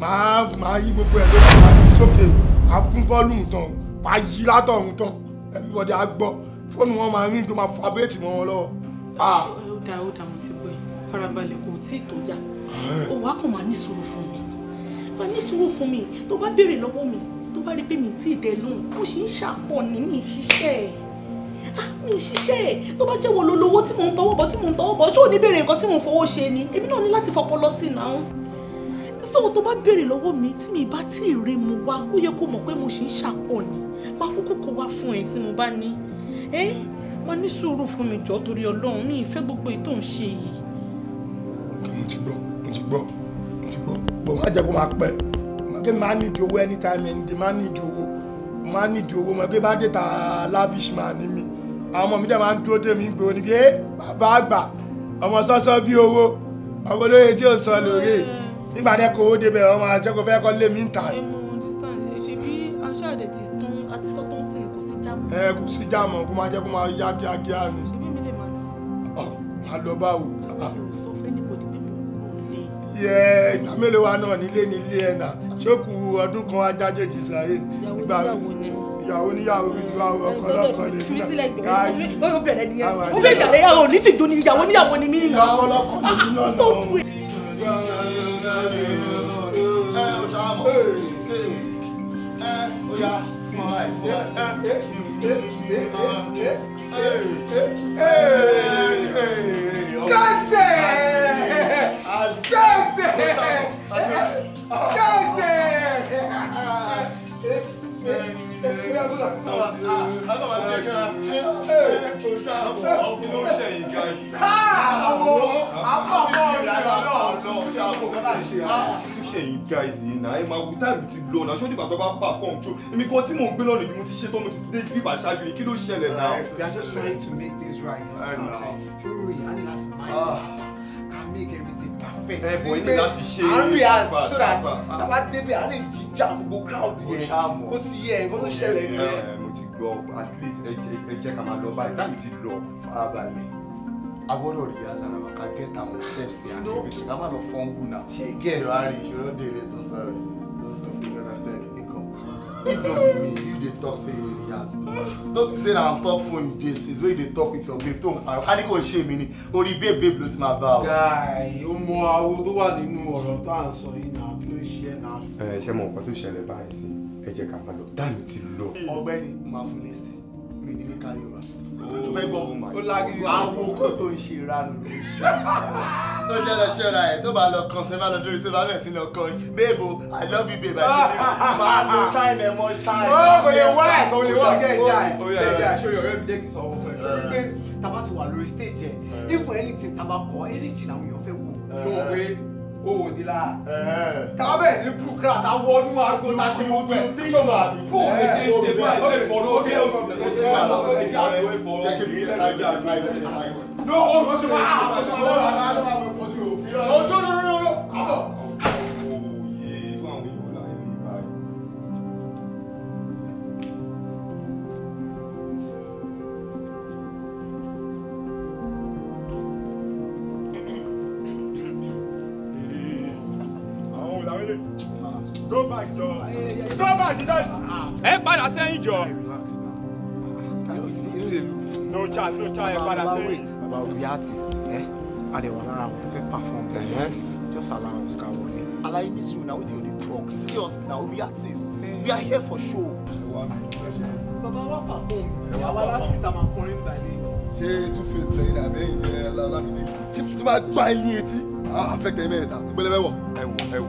máa yí gbogbo ẹ̀ lórí àwọn àyè sókè máa fún fọ́ọ̀lù tán máa yí látọ̀hún tán everybody á gbọ́ fóònù wọn máa rìn tó máa fa béètì mọ́ wọn lọ́wọ́. ó dáa ó dáa mo ti gbọ́ ẹ farabalẹ̀ kò tí ì tó tó bá rí pé mi tí ì dẹ lóhùn mo sì ń ṣàpọ̀ ní mi ṣiṣẹ́ ẹ̀ ah, mi ṣiṣẹ́ ẹ̀ tó bá jẹ́ wo lo lówó tí mò ń tọwọ́ bọ̀ tí mò ń tọwọ́ bọ̀ ṣó ní béèrè nǹkan tí mò ń fowó ṣe ni èmi náà ní láti fọpọlọ sí i náà so tó bá béèrè lọ́wọ́ mi tí mi bá tí ì rí mu wá ó yẹ kó mọ̀ pé mo sì ń ṣàpọ̀ ni má kúkú kó wá fún ẹ tí mo bá ní ẹ wọn ní sùúrù fún mi jọ torí Ọlọ́run ní ìfẹ́ gbogbo èyí ń ṣe yìí. mo ti gbọ́ mo ti gbọ́ mo ti gbọ́ bọ̀ má jẹ́ kó máa pẹ́ pé máa nídìí owó anytime any day máa nídìí owó máa nídìí owó mọ̀ pé bá dé ta lavish man ní mi àwọn ọmọ mi dẹ̀ máa ń dúró dé mi ń gbòó ni bàbá àgbà ọmọ sọ́sọ́ bí owó ọmọ olóye tí ò sọ lóore nígbà dẹ́ kó owó débẹ̀ ọmọ àjọkọ̀ fẹ́ kọ́ lé mi ń ẹ kò sí jáàmù kó máa jẹ́ kó máa yá kíákíá ni. ṣé bí mi lè máa lọ. ọ máa lọ báwo yẹ ìgbà mélòó wa náà nílé nílé ẹ̀ náà ṣókù ọdún kan ajájèjì sáyé nígbà ìyàwó níyàwó bíi tiwa ọkọ lọkọ lè nínú káyé ó fẹ́ jàre yàwó ní tìjú ni ìyàwó níyàwó ni mí nà ọkọ lọkọ lè nínú ọ̀nà. ẹ ẹ ẹ ẹ ẹ ẹ ẹ ẹ àwọn Ah, ṣe yìí guys yìí náà ẹ máa wù táìmù ti lọ náà ṣọ́jú ìbàdàn bá perform tó èmi kan tí mò ń gbé lọ́nà ni mo ti ṣe tán mo ti dé bí ìbà ṣáájú ni kí ló ṣẹlẹ̀ náà. we are just trying to make things right. ṣòro yìí á ní láti máa yẹ can make everything perfect. ẹ bọ̀ ilé láti ṣe àárín àti so that bàbá débẹ̀ á lè jíjà gbogbo crowd yẹn ó ti yẹ ẹ̀ gbọ́dọ̀ ṣẹlẹ̀ eh, nìyẹn. mo ti gbọ́ at least ẹ jẹ́ ká máa lọ báyìí táìmù ti lọ farabalẹ̀ a gbọ́dọ̀ rí azara wa ká get àwọn steps and everything ká má lọ fọ́nbù náà ṣé gẹ̀ẹ́rọ àárí ìṣòro délé tó sọ̀rọ̀ tó sọ̀rọ̀ pé yọ̀dá sẹ́ẹ̀kì ti kàn if no be me you dey talk say you dey rehearse no be say na on top phone you dey since wey you dey talk with your babe tó ń parọ́ ká ní kò ṣe mí ni orí babe babe ló ti máa bá o. guy o mọ awo tó wà nínú ọ̀rọ̀ tó à ń sọ yìí náà kí ló ṣe é náà. ẹ ṣe mọ nǹkan tó ṣẹlẹ̀ báyìí sí ẹ jẹ́ ká máa lọ dáhùn ti lọ. ọ̀gbẹ́ni máa fún lẹsí mi ní ní kárí wa tó fẹ́ gbọ́ awo kó tó ń ṣe ìranù tó jẹ́ lọ ṣọ́ra ẹ̀ tó bá lọ kàn sẹ́fà lọ dórí sẹ́fà bẹ̀ sí lọ kọ́ bẹ́ẹ̀bù i love you babe àti máa lo ṣáìnì ẹ̀ mọ́ ṣáìnì. ó kò lè wá ẹ̀kọ́ ó lè wá ọjọ́ ìjà ẹ̀ ẹ̀jẹ̀ àṣọyọ̀ ọ̀rẹ́ mi jẹ́ kí sọ fún ẹ. pé tá a bá wà lórí stage ẹ̀ if anything tá a bá kọ energy làwọn èèyàn fẹ́ wò. ṣé o òòdì la ká bẹ̀rẹ̀ sí búkúrà wọnú aago tá ṣe gbogbo ẹ̀ kó o lè ṣe ṣe báyìí lórí ìfọ̀rọ̀ òkè òsì òsì máa lọ lórí ìjà àgbò ìfọ̀rọ̀ òkè ìfọ̀rọ̀ òkè ìfọ̀rọ̀ òkè Ah, no chance no chance ẹ padà wait. baba we artists. Eh? a dẹ̀ wọ lára àwọn tó perform there yes just allow us ká wọlé. alaye miss you na wetin you dey talk serious Now we be artist we are here for show. baba wa perform àwa artist àmà kọrin balẹ̀. ṣé two face lẹ́yìn àbẹ́ ìjẹ́ lálámìlẹ́ tí bá gbá ilé etí I ah, affect ìpínlẹ̀ mẹ́wọ̀. ẹ wọ ẹ wọ ẹ wọ.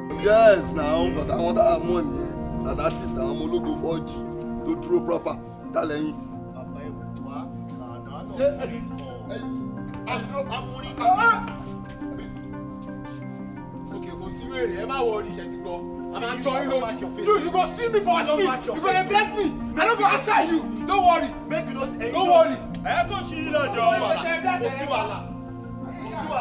yes now because I want that money. as artist I'm a ọmọ ológo fọ́ọ̀jì to draw proper dálẹ́yìn. I'm ìwọ artist náà náà lọ rí ah! okay kò sí wèrè ẹ má wọ orí i'm you go see me for a street you go dey beg me i don't go answer you don't worry make you no say no worry. ẹ kò sí ìlàjọ wàhálà kò sí wàhálà kò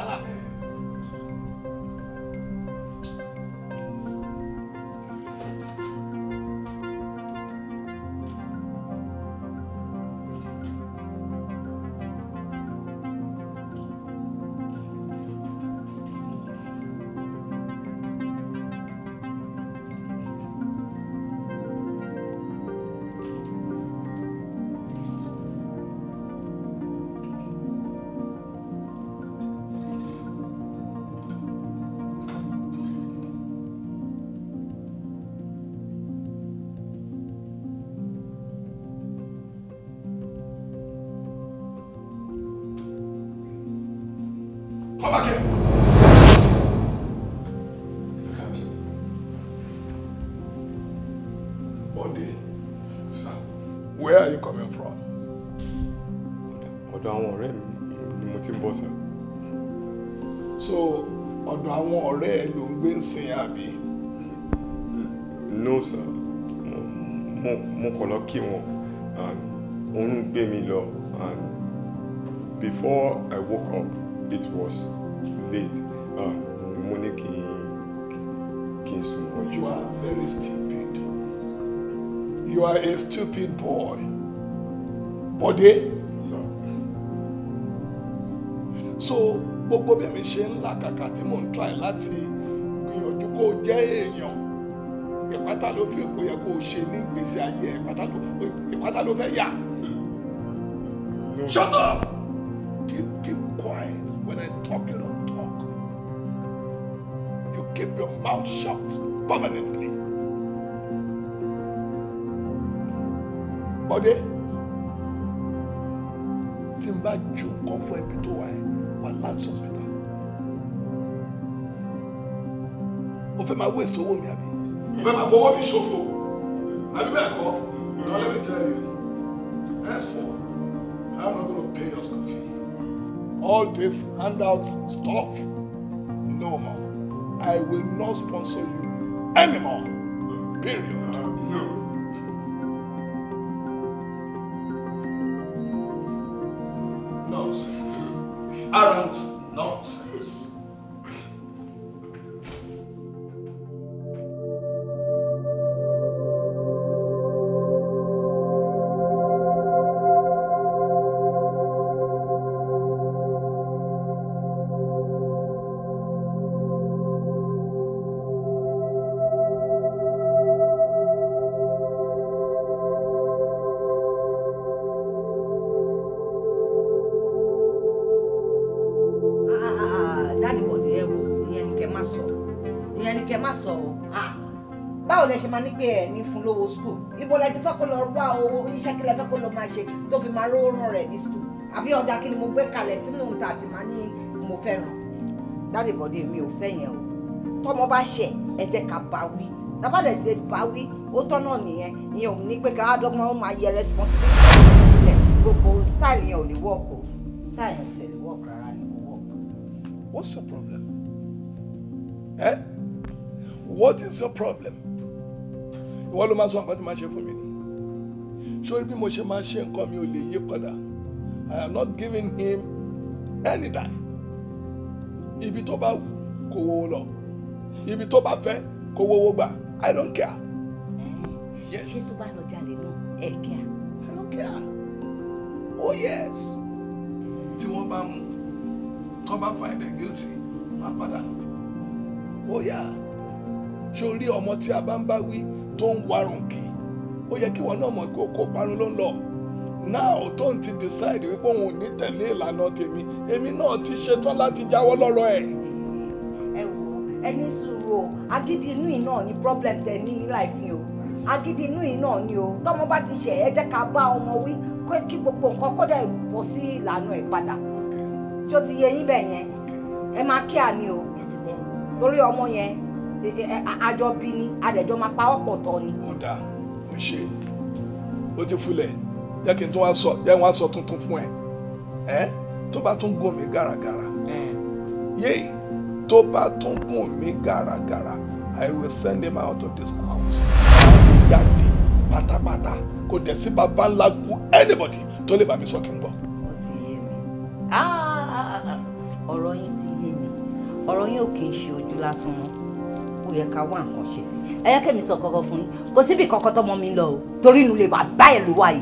ń sin àbí. no sir mo mo kọ̀ lọ kí wọn and oorun gbé mi lọ and before I woke up it was late and mo ní kí kí n sùn mọ́jú. you are very stupid you are a stupid boy. Bọ́dé. Sir. so gbogbo bí mi ṣe ń làkàkà tí mò ń try láti kó o jẹ́ èèyàn ìpátá ló fi kó yẹ kó o ṣe ní ìgbésí ayé ìpátá ló fẹ́ yà. Shut up! Keep keep quiet. When I talk, you don't talk. You keep your mouth shut permanently. Bọ́dé tí n bá ju nǹkan fún ẹbí tó wà ẹ̀ wà láti hospital. o fẹ́ máa waste owó mi àbí. o fẹ́ máa fowó mi ṣòfò àbí bẹ́ẹ̀ kọ́ now let me tell you henceforth I'm not gonna pay your school fee all this handout stuff no more I will not sponsor you anymore period. no. ṣe tó fi máa rówó rán rẹ̀ ní school àbí ọjà kí ni mo gbé kalẹ̀ tí mò ń ta àti máa ní mo fẹ́ràn dáàdì bọ́dé mi ò fẹ́ yẹn o tọ́mọ bá ṣẹ̀ ẹ jẹ́ ká bá wí tábàdẹ̀ ti bá wí ó tọ́nà nìyẹn ìyẹn ò ní pé ká dọ́gbọ́n ó máa yẹ responsibility sílẹ̀ gbogbo style yẹn ò lè work o style yẹn ti work rárá ni kò work. What's your problem? Eh? What is your problem? ìwọ ló máa sọ nǹkan tí màá ṣe fún mi ni sórí bí mo ṣe máa ṣe nǹkan mi ò lè yí padà I am not giving him any time ibi tó bá wù kó wọ́wọ́ lọ ibi tó bá fẹ́ kó wọ́wọ́ gbà I don't care. yes. ṣé tó bá lọ jalè náà ẹ kẹ́ I don't care. oh yes. tí wọ́n bá mú tó bá find them guilty máa padà Oh yeah. ṣé o rí ọmọ tí a bá ń bá wí tó ń warùn kì ó yẹ kí wọn náà mọ̀ pé òkú parun ló ń lọ now tó ń ti decide wípé òun ò ní tẹ̀lé ìlànà tèmi èmi náà ti ṣetán láti jáwọ́ lọ́rọ̀ ẹ̀. ẹ wò ẹni sùúrù o agídí inú yìí náà ni problem tẹ ní life yìí o agídí inú yìí náà ni o tọmọ bá ti ṣe ẹ jẹ́ ká bá ọmọ wí kí gbogbo nǹkan kódà ìwọ sí ìlànà ẹ padà tí ó ti yẹ yín bẹ́ẹ̀ yẹn ẹ máa kí àní o torí ọmọ yẹn àjọbí ni adẹ̀jọ́ máa pa tọ́ ni. ó dáa ṣe ó ti fúlẹ̀ jẹ́ kí n tún wá sọ jẹ́ wọ́n á sọ tuntun fún ẹ ẹ́ tó bá tún gún mi gàràgàrà yé tó bá tún gún mi gàràgàrà I will send him out of this house. wọ́n lè jáde pátápátá kò dẹ̀ sí baba ńlá kú anybody tó lè bá mi sọ kí n gbọ́. ó ti yé mi ah, ah, ah, ọ̀rọ̀ yín ti yé mi ọ̀rọ̀ yín ò kì í ṣe ojú lásán mọ́ ó yẹ ká wá nǹkan ṣe sí ẹyẹ kẹmi sọ kọkọ fún yín kò síbi kankan tọmọ mi lọ o torí inú lè bàbá ẹ ló yìí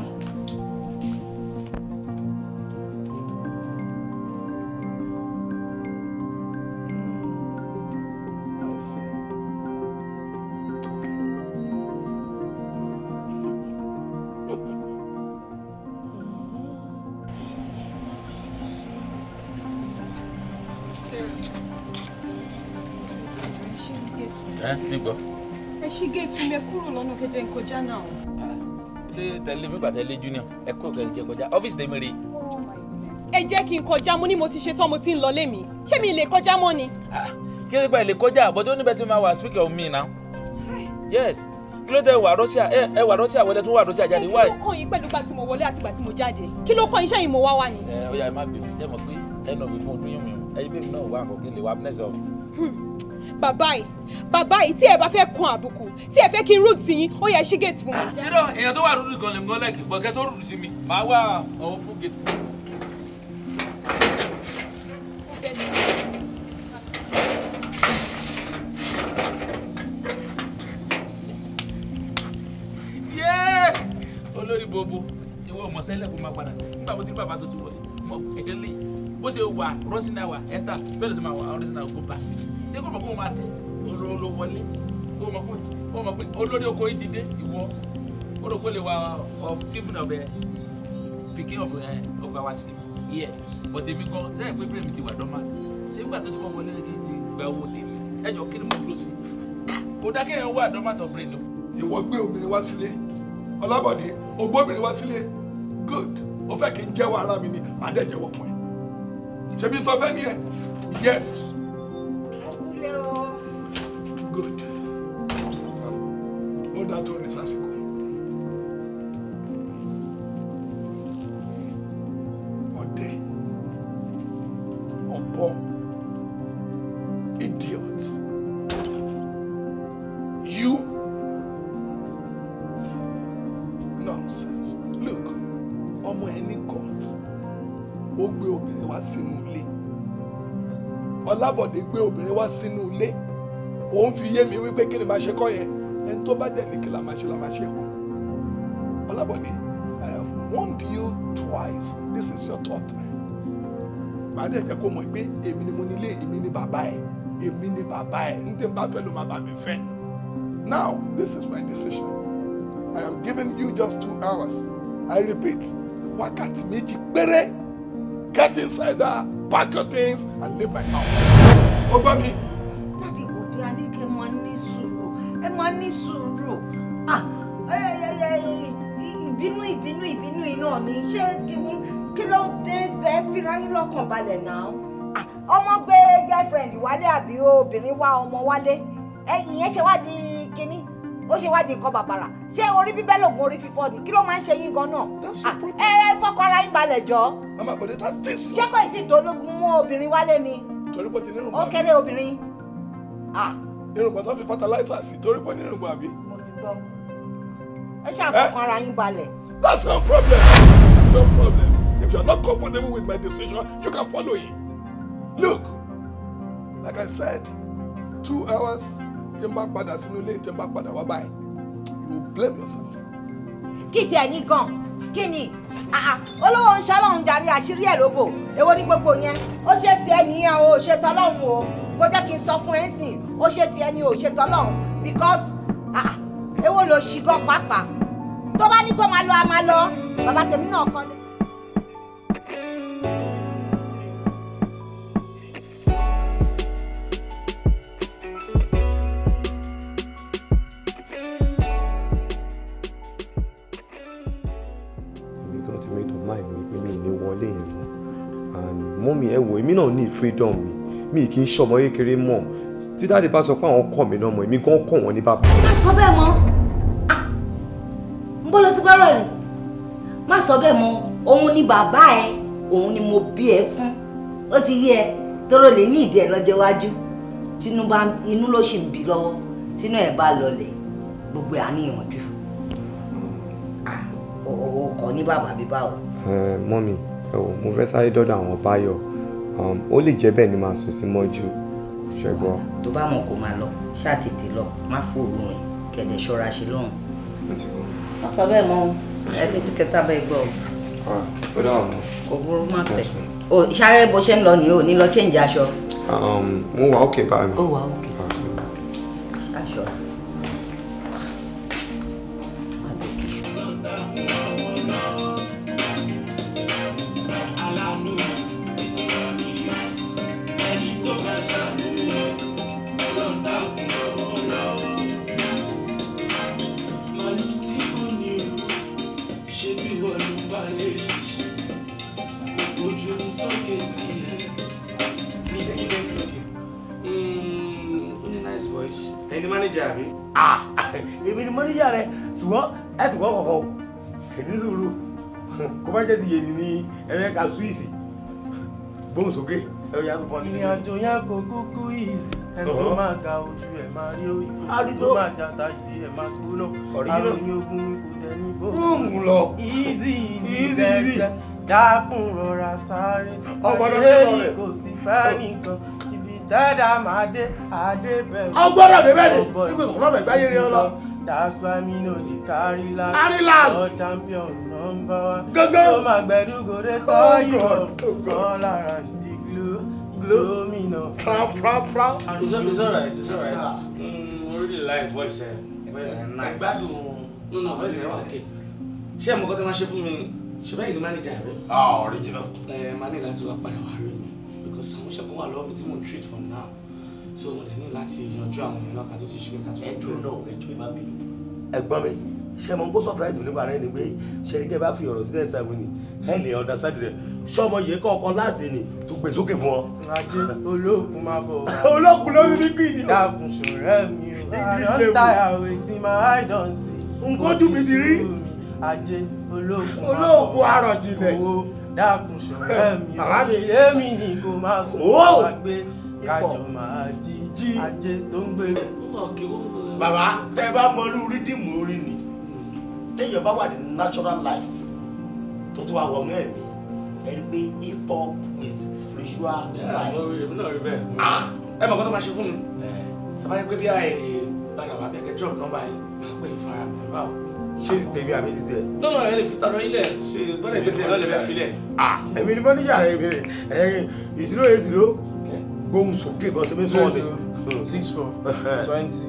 ẹ eh, mi gbọ́. ẹ ṣí gate fún mi ẹ kúrò lọ́nà kẹjẹ nkọjá náà. Ah, ilé tẹ̀lé mi bàtẹ́ lé junior ẹ kúrò kẹjẹ kọjá ọ́fíìsì tèmi rèé ẹ jẹ́ kí n kọjá mo ní mo ti ṣetán mo ti ń lọ lémi ṣé mi lè kọjá mọ́ ni. Ah, kí ló dé pa ẹ lè kọjá àbọ̀dé oníbẹ̀ tí máa wà speaker of me now. yes kí ló dé wà Russia ẹ ẹ wà Russia wọlé tó wà Russia jáde wá. kí ló kàn yín pẹ̀lú ìgbà tí mo wọlé àti ìgbà tí mo jáde kí ló kàn iṣẹ́ yìí mo wá wá ni. ẹ eh, ó yá ẹ má bẹ̀rù jẹ́ mọ̀ pé ẹnu òbí fún ojú yín mi ẹ yí bẹ́ẹ̀ náà wà nǹkan lè wà business of. Hmm bàbá yìí bàbá yìí tí ẹ bá fẹ́ kan àbùkù tí ẹ fẹ́ kí n rúùtù sí yín ó yẹ ṣí gate fún mi. Ah, irọ́ èèyàn tó wà rúdù gan lè mú ọlẹ́kì bọ̀kẹ́ tó rúdù sí mi màá wá ọ̀hún fún gate fún mi. olórí bobo ìwọ ọmọ tẹ́lẹ̀ kó máa padà nígbà wo tí bàbá tó ti wọlé mọ èdè lé bó ṣe wà rọ́ṣínà wà ẹ̀ta bẹ́ẹ̀ ló ṣe máa wà ọ̀rẹ́ṣínà kó bá ṣé kò mọ̀ kó máa tẹ̀ olóòlò wọlé ó mọ̀ pé olórí oko yìí ti dé ìwọ ó rò pé lè wa of tiffin of pikin of eh, of our chief yẹ but èmi kan láì pé bírèmì ti wà dormant ṣé nígbà tó ti kọ́ wọlé kí n ti gba owó tèmi ẹjọ́ kí ni mo dúró sí kò dá kéèyàn wà dormant of brain ìwọ gbé obìnrin wá sílé ọlábọ̀dé o gbóbìnrin wá sílé good o fẹ́ kí n jẹ́wọ́ ara mi ni màá jẹ́wọ́ fún ẹ ṣebí tó fẹ́ ni ẹ yes good ó dá tó ní sásìkò. ọ̀dẹ̀ ọ̀bọ idiot you nonsense look ọmọ ẹni court ó gbé obìnrin wá sínú ilé gbé obìnrin wá sínú ilé òun fi yé mi wípé kí ni màá ṣe kọ́ yẹn ẹni tó bá dẹ̀ ní kí la máa ṣe la máa ṣe kọ́ ọlábọ̀dé I have warned you twice this is your third time màá dẹ̀ jẹ́ kó mọ̀ pé èmi ni mo nílé èmi ni bàbá ẹ̀ èmi ni bàbá ẹ̀ ní tí n bá fẹ́ ló máa bá mi fẹ́ now this is my decision I am giving you just two hours I repeat wákàtí méjì péré get inside that pack your things and leave my house ó gbọ́ mi. máa ní sùúrù ìbínú ìbínú ìbínú iná ni ṣé kíní kí ló dé bẹ fira yín balẹ̀ náà ọmọ gbé girlfriend wálé àbí obìnrin wá ọmọ wálé ẹ̀yìn yẹn ṣe wá kíní ó ṣe wá nǹkan bàbàrà ṣé orí bíbẹ́ lògùn orí fífọ́ ni kí ló máa ń ṣe yín gan ẹ ẹ fọkàn ara yín balẹ̀ jọ. mama bọ̀dé ta tẹ̀sí. ṣé kò tí ì tó ológun mú obìnrin wálé ni. torí bó ti ní òun ó kéré obìnrin. ah irùngbọ̀n tó fi fertilizer sí torí pọ̀ ní irùngbọ̀n àbí. mo ti gbọ́ ẹ ṣàfọkàn eh? ara yín balẹ̀. that's your problem that's your problem if you are not comfortable with my decision you can follow it look like i said two hours tí n bá padà sínú ilé tí n bá padà wá báyìí you will blame yourself. kí tiẹ̀ ní gan kí ni olówó ń ṣe ọlọ́run darí àṣírí ẹ̀ lóbò èwo ni gbogbo yẹn ó ṣe tiẹ̀ nìyẹn ṣe tọ́lọ́run o kó jẹ́ kí n sọ fún ẹ sìn ó ṣe tiẹ̀ ni ò ṣe tọ́lọ́hún because ah èwo ló ṣì gan pàápàá tó bá ní kó máa lọ a máa lọ bàbá tèmi náà kọ́lé. mi ẹ wò èmi náà ní freedom mi mi kì í ṣọmọ kékeré mọ́ tí dáàdi bá sọ pé àwọn kọ̀ mí lọ́mọ èmi gan kọ̀ wọ́n ní bàbá. má sọ bẹ́ẹ̀ mọ́ ah! n bọ́ lọ sí gbọ́rọ̀ rẹ̀ má sọ bẹ́ẹ̀ mọ́ òun ni bàbá ẹ òun ni mo bí ẹ fún ó ti yé ẹ tóró lè ní ìdí ẹ lọ́jọ́ iwájú tínú bá inú ló ṣì ń bí lọ́wọ́ tínú ẹ̀ bá lọlẹ̀ gbogbo ẹ̀ àníyànjú ah! ọkọ ní bàbá bíbá o. mọ́mi ẹ wò mo fẹ́ sáré dọ́dọ̀ àwọn báyọ̀ Um, ó lè jẹ́ bẹ́ẹ̀ ni máa sùn sí mọ́jú ṣẹ́gbọ́n. tó bá mọ̀ kó máa lọ ṣáà tètè lọ má fòrò rìn kẹ̀dẹ̀ ṣọ́ra ṣe lọ́hùn. wọ́n sọ bẹ́ẹ̀ mọ́ ẹ ti ti kẹta bẹ́ẹ̀ gbọ́. Ah, kò burú má pẹ́ o ṣáré bó ṣe ń lọ nìyó ní lọ change aṣọ. Um, mo wà ókè bá ó wà ókè. ẹ̀ka suwisi gbóhùn sókè ìrìn àjò yẹn kò kúkú easy ẹni tó uh-huh. máa ga ojú ẹ̀ máa rí òyìnbó tó máa jata ìdí ẹ̀ máa tó lọ àròyìn ogun kò tẹ̀ bó. bóòmù lọ easy easy bẹ́ẹ̀ dákun rọra sáré ayé yìí kò sí fẹ́ nìkan ibi dáadáa máa dé àdé bẹ́ẹ̀. ọgbọ́dọ̀ débẹ̀ ni nígbà sọ̀rọ̀ bẹ̀ gbáyé rí ọ lọ. that's why me no dey carry last. carry last. all ń bọ̀ wá. gógó ó máa gbẹdúgòrè oh tọ́ ìwọ̀ oh kan lára di gómìnà. pra pra pra. Ah, it's all it's alright. it's alright. right. Ah. mo mm, really like voice ẹ eh, voice ẹ eh, nice. gbádùn no no eh, okay. ṣé àmọ́ kọ́tà máa ṣe fún mi ṣe báyìí ni manager rẹ. ah original. ẹ máa ní láti wá padà wá rí mi because àwọn ṣẹ́kọ̀ọ́ wà lọ́wọ́ mi tí mo ń treat for now so mo lè ní láti yanjú àwọn èèyàn náà ká tó ti ṣe pé ká tó ṣe pé. náà ẹ jó mi. ẹ̀gbọ́n mi ṣe mọ kó surprise mi nípa rẹ ni pé ṣe ni tẹ bá fi ọ̀rọ̀ sí next time ni ẹ lè understand rẹ ṣọmọ yìí kọ̀ọ̀kan láàṣẹ ni tó gbé sókè fún ọ. ajé olóògùn máa bọ̀ wá. olóògùn lórí mi kì í ni. dàgùn ṣòrẹ́ mi o àrùn táyà wetin my eye don see. nkójú mi ti rí. ajé olóògùn máa bọ̀ wá olóògùn àròjìnlẹ̀. owó dàgùn ṣòrẹ́ mi o ilé mi ni kò máa sùn wá gbé kájọ máa jí ajé tó ń gbèrè. bàbá tẹ bá mọ irú rídìmù orin téèyàn bá wà ní natural life tó tó wà wọnú ẹ̀mí ẹ rí pé hip hop with spiritual life. èmi náà rí bẹ́ẹ̀ ah! ẹ mọ̀ kó tó máa ṣe fún mi eh. tàbá yẹ pé bí ààyè ni gbàgbà bí akẹ́ drop number yìí máa pè é fara mi bá o. ṣé tèmi àbí ti tẹ. lọ́nà ẹ lè fi tọrọ ilẹ̀ ṣe bọ́lẹ̀ bí tẹ lọ́lẹ̀ bẹ́ẹ̀ filẹ̀. èmi ni mọ́níjà rẹ̀ èmi rẹ̀ ẹ̀yẹ́ ìṣirò èṣirò gbóhùn sókè bọ́sẹ̀ mi sọ̀rọ̀ six four eh, eh. twenty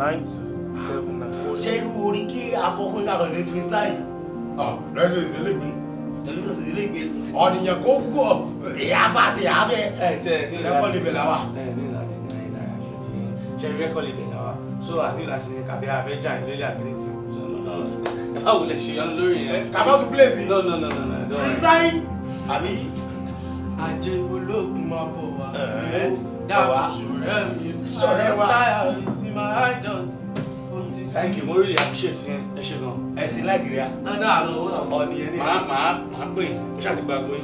nine seven naira. ṣé irú orin kí akọkùnrin kàkọ́ ní freestyle. rẹ́díò ah, ìṣẹ́lẹ̀gbẹ́ tẹlifíṣàn sì lè gbé ọ̀nìyàn kó gbọ́ ìyá bá sì yá bẹ́ẹ̀. ẹ tẹ ní láti rẹ́kọ̀lì bẹ̀ láwà. ẹ ní láti ní náírà ṣe ti ṣe rẹ́kọ̀lì bẹ̀ láwà so àbí láti ní kàbí afẹ́ jà ní lórí àbílẹ̀tì so no no ẹ bá wulẹ̀ ṣe yọnu lórí yẹn. kàbá tún plé sí. no no no no no. freestyle àbí. àjẹ ológun máa bọ̀ wá. dáwà sọ̀rẹ́ mi sọ̀rẹ́ wa táyà ìtì thank you mo really appreciate yín ẹ ṣe gan. ẹ ti láìkiri a. ẹ náà lọ ọ̀nì ẹni. màá màá màá pè yín mo ṣáà ti gba pé.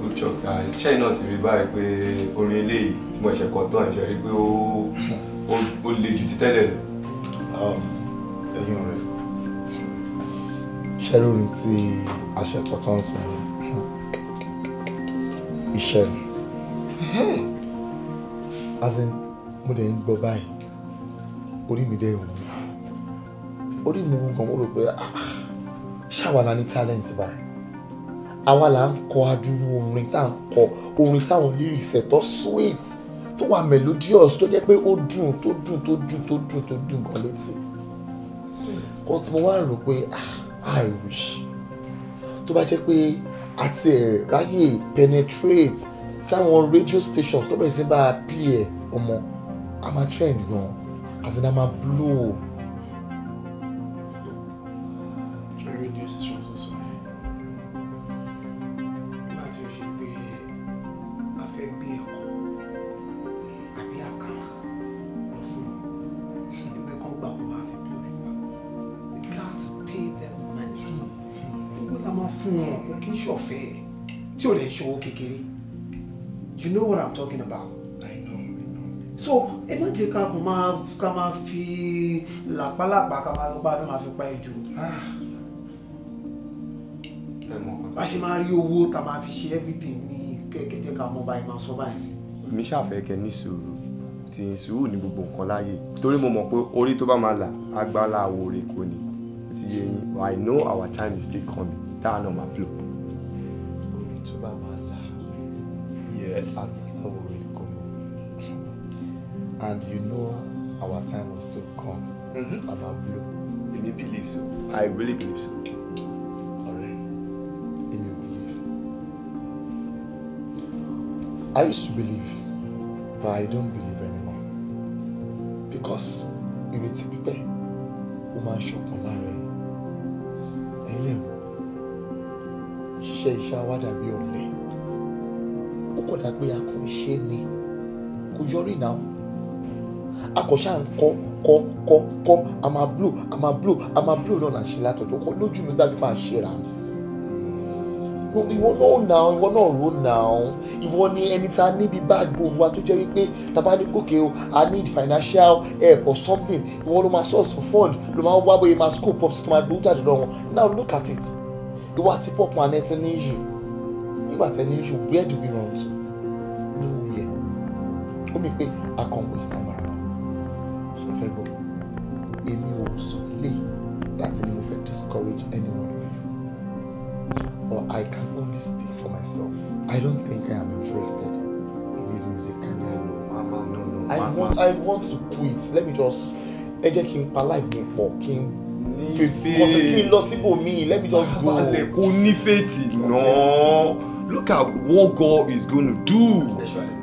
good job guys ṣẹ́yìn náà ti rí báyìí pé orin eléyìí tí mo ṣe kọ́ tán ìṣe rí pé ó le ju ti tẹ́lẹ̀ lọ. Um, ẹ̀yin ọ̀rẹ́ ṣẹ́rù ni ti àṣẹkọ̀ tán sìn iṣẹ́ ni as in mo dẹ̀ ń gbọ́ báyìí orí mi dẹ̀ wù orí mi gan mo rò pé ah, ṣáwa la ní talent báyìí àwa là ń kọ adúrú orin tá à ń kọ orin táwọn lyrics ẹ̀ tó sweet tó wà melodious tó jẹ́ pé ó dùn tó dùn tó dùn tó dùn tó dùn gan létí kó tí mo wá rò pé ah, i wish tó bá jẹ́ pé àti ẹ̀ ráyè penetrate sáwọn radio stations tó bẹ̀rẹ̀ sí bá a pè ẹ̀ ọmọ a máa trend gan as in a máa blow. ká kàn máa ká máa fi làpálàpá ká máa lọ́pàá fẹ́ máa fi pa ejò. Ah. bá ṣe máa rí owó tá a máa fi ṣe everything ní kẹ́kẹ́jẹ́ ká mọ́ báyìí máa sọ báyìí sí. mi ṣàfẹ́ kẹ ní sùúrù ti sùúrù ní gbogbo nǹkan láàyè torí mo mọ̀ pé orí tó bá máa là agbára àwòrè kò ní ti yé yín I know our time is still coming tá a náà máa blow. orí tó bá máa là yes and you know our time will still come. Mm-hmm. I'm a blue. Èmi believe so. I really believe so. Alright. Ọ̀rẹ́. you believe. I used to believe but I don't believe anymore because ìrètí pípẹ́ ó woman shop ṣọ̀kan lára ẹ̀ ẹ̀yìn lẹ́wọ̀ ṣiṣẹ́ iṣẹ́ wa dàbí ọ̀lẹ ó kọ̀ dà pé a kò ṣe ni kò yọrí náà akọ̀ṣà ń kọ́ kọ́ kọ́ kọ́ a máa blow a máa blow a máa blow náà là ń ṣe látọ̀jọ́ kọ́ lójú mi dájú máa ṣe rà mí ìwọ náà náà ìwọ náà rò náà ìwọ ni ẹni tá a níbi backbone wa tó jẹ́ wípé tàbá ní kókè o i need financial help or something ìwọ ló máa source for fund ló máa wá bóyá máa scope up sí tó máa gbé jáde lọ́wọ́ now look at it ìwọ àti pop man ẹ ti ní issue nígbà tí ẹ ní issue where do we run to? nowhere ó mi pé i can waste time around mo fẹ́ gbọ́ èmi ò sọ ilé láti ní mo fẹ́ discourage any one of you but I can only speak for myself I don't think I am interested in this music career no mama no no mama. I want I want to quit let me just ẹ jẹ́ kí n pa láì mi pọ̀ kí n kí n lọ síbòmíì let me just go. balẹ̀ kò ní fètì náà look at what God is gonna do. Especially.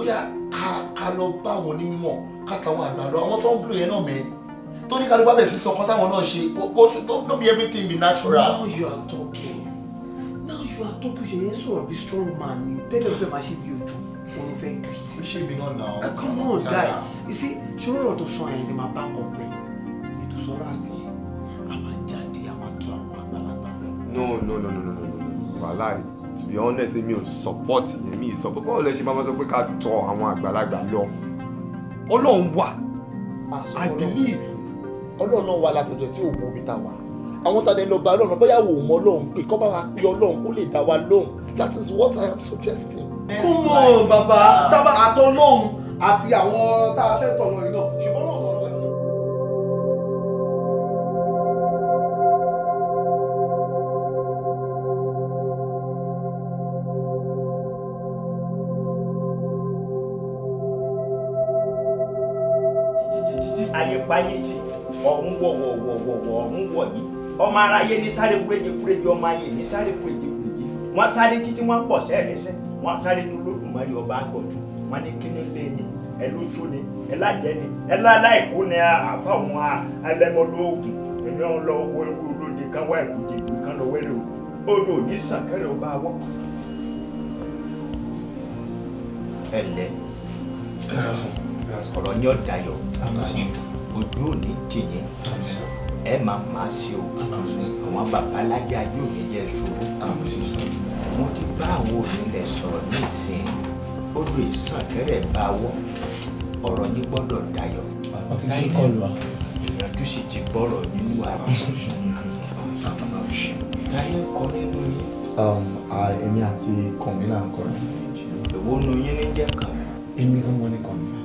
bóyá ká ká lọ bá àwọn onímọ̀ ká táwọn àgbà àwọn tó ń búlò yẹn náà mẹ́ tó ní kálukú bàbẹ̀ sí sọkọ táwọn náà ṣe kó no be everything be natural. now you are talking now you are talking yẹn sọ̀rọ̀ bí strong man ni tẹ́lẹ̀ fẹ́ máa ṣe bí ojú òun fẹ́ greet. ó ṣe mí náà náà. Ah, come on guy you see ṣòro ọ̀rọ̀ tó sọ yẹn ni màá bá kọ̀ pé ètò sọ last year a máa jáde a máa àwọn àgbàlagbà. no no no no no no no wàhálà yìí be honest èmi ò support yẹn mi support báwo lẹ ṣe máa sọ pé ká tọ àwọn àgbàlagbà lọ ọlọ́run wà i believe. ọlọ́run náà wà látọjọ́ tí ò mú omi ta wá àwọn tàdé lọ bá ọlọ́run bóyá wò mọ́ ọlọ́run pé kọ́ bá wa pe ọlọ́run kó lè dá wa lóhùn that is what i am suggesting. kúmọ̀ bàbá tábà àtọ́ lóhùn àti àwọn tá a fẹ́ tọ̀ lọ náà aráyé payé tì ọ̀hún wọ̀wọ̀wọ̀wọ̀ ọ̀hún wọ̀nyí ọmọ aráyé ní sáré kúrèje kúrèje ọmọ ayé ní sáré kúrèje kúrèje wọ́n sáré títí wọ́n pọ̀ sẹ́ẹ̀rẹ́sẹ́ wọ́n sáré tó lódùmarè ọba àgọ̀jù wọ́n ní kíní lé ní ẹ lóṣù ni ni ẹ láláìkú ẹni ọ̀hún lọ wọ ewu olóde kan wá ìkújẹ kan lọ wẹ́rẹ́ o odò ní sàn ọba wọ́. ẹ lẹ ọ̀rọ̀ ni ọ̀dà yọ ojú ò ní tì yín ẹ máa máa ṣe o àwọn babalájà yóò ní jẹ ṣòro mo ti bá àwọn onílẹ̀ sọ̀rọ̀ ní ìsìn odò ìsàn kẹrẹ̀ bá wọ́ ọ̀rọ̀ yín gbọ́dọ̀ dayọ̀ ìyànjú sì ti bọ̀rọ̀ nínú àná táyé kọ nínú yín. Um, èmi àti kọ̀mílà ń kọrin. èwo nu yín ní jẹ́ kàn. èmi gan-an ni kọ̀mílà.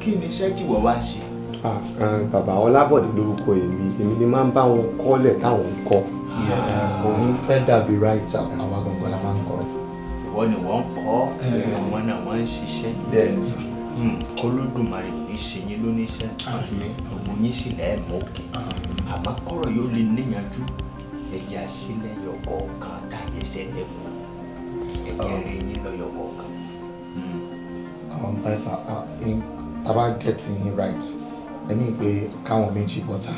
kí ni iṣẹ́ wọ́n wá ṣe? Ah, eh, bàbá ọlábọ̀dé lórúkọ èmi èmi ni máa ń bá wọn kọ́lẹ̀ táwọn ń kọ́. òun fẹ́ dàbí ráìtà àwa gangan la máa ń kọ́. ìwọ ni wọ́n ń kọ́ eh. àwọn náà wọ́n ń ṣiṣẹ́. bẹ́ẹ̀ni sà. Hmm, olódùmarè kì í ṣe yín lóníṣẹ́ òun yín sì lẹ́ẹ̀mọ́ òkè àmọ́ kọ́rọ̀ yóò lè níyànjú ẹ̀jẹ̀ àṣìlẹ̀yọ̀ kọ̀ọ̀kan táyé ṣẹlẹ̀ mọ́ ẹ̀jẹ̀ rẹ̀ yín lọ́yọ̀ kọ̀ọ̀kan. Hmm. àwọn báyìí sà ah, taba getting him right ẹ̀mí pé káwọn méjì bọ́ta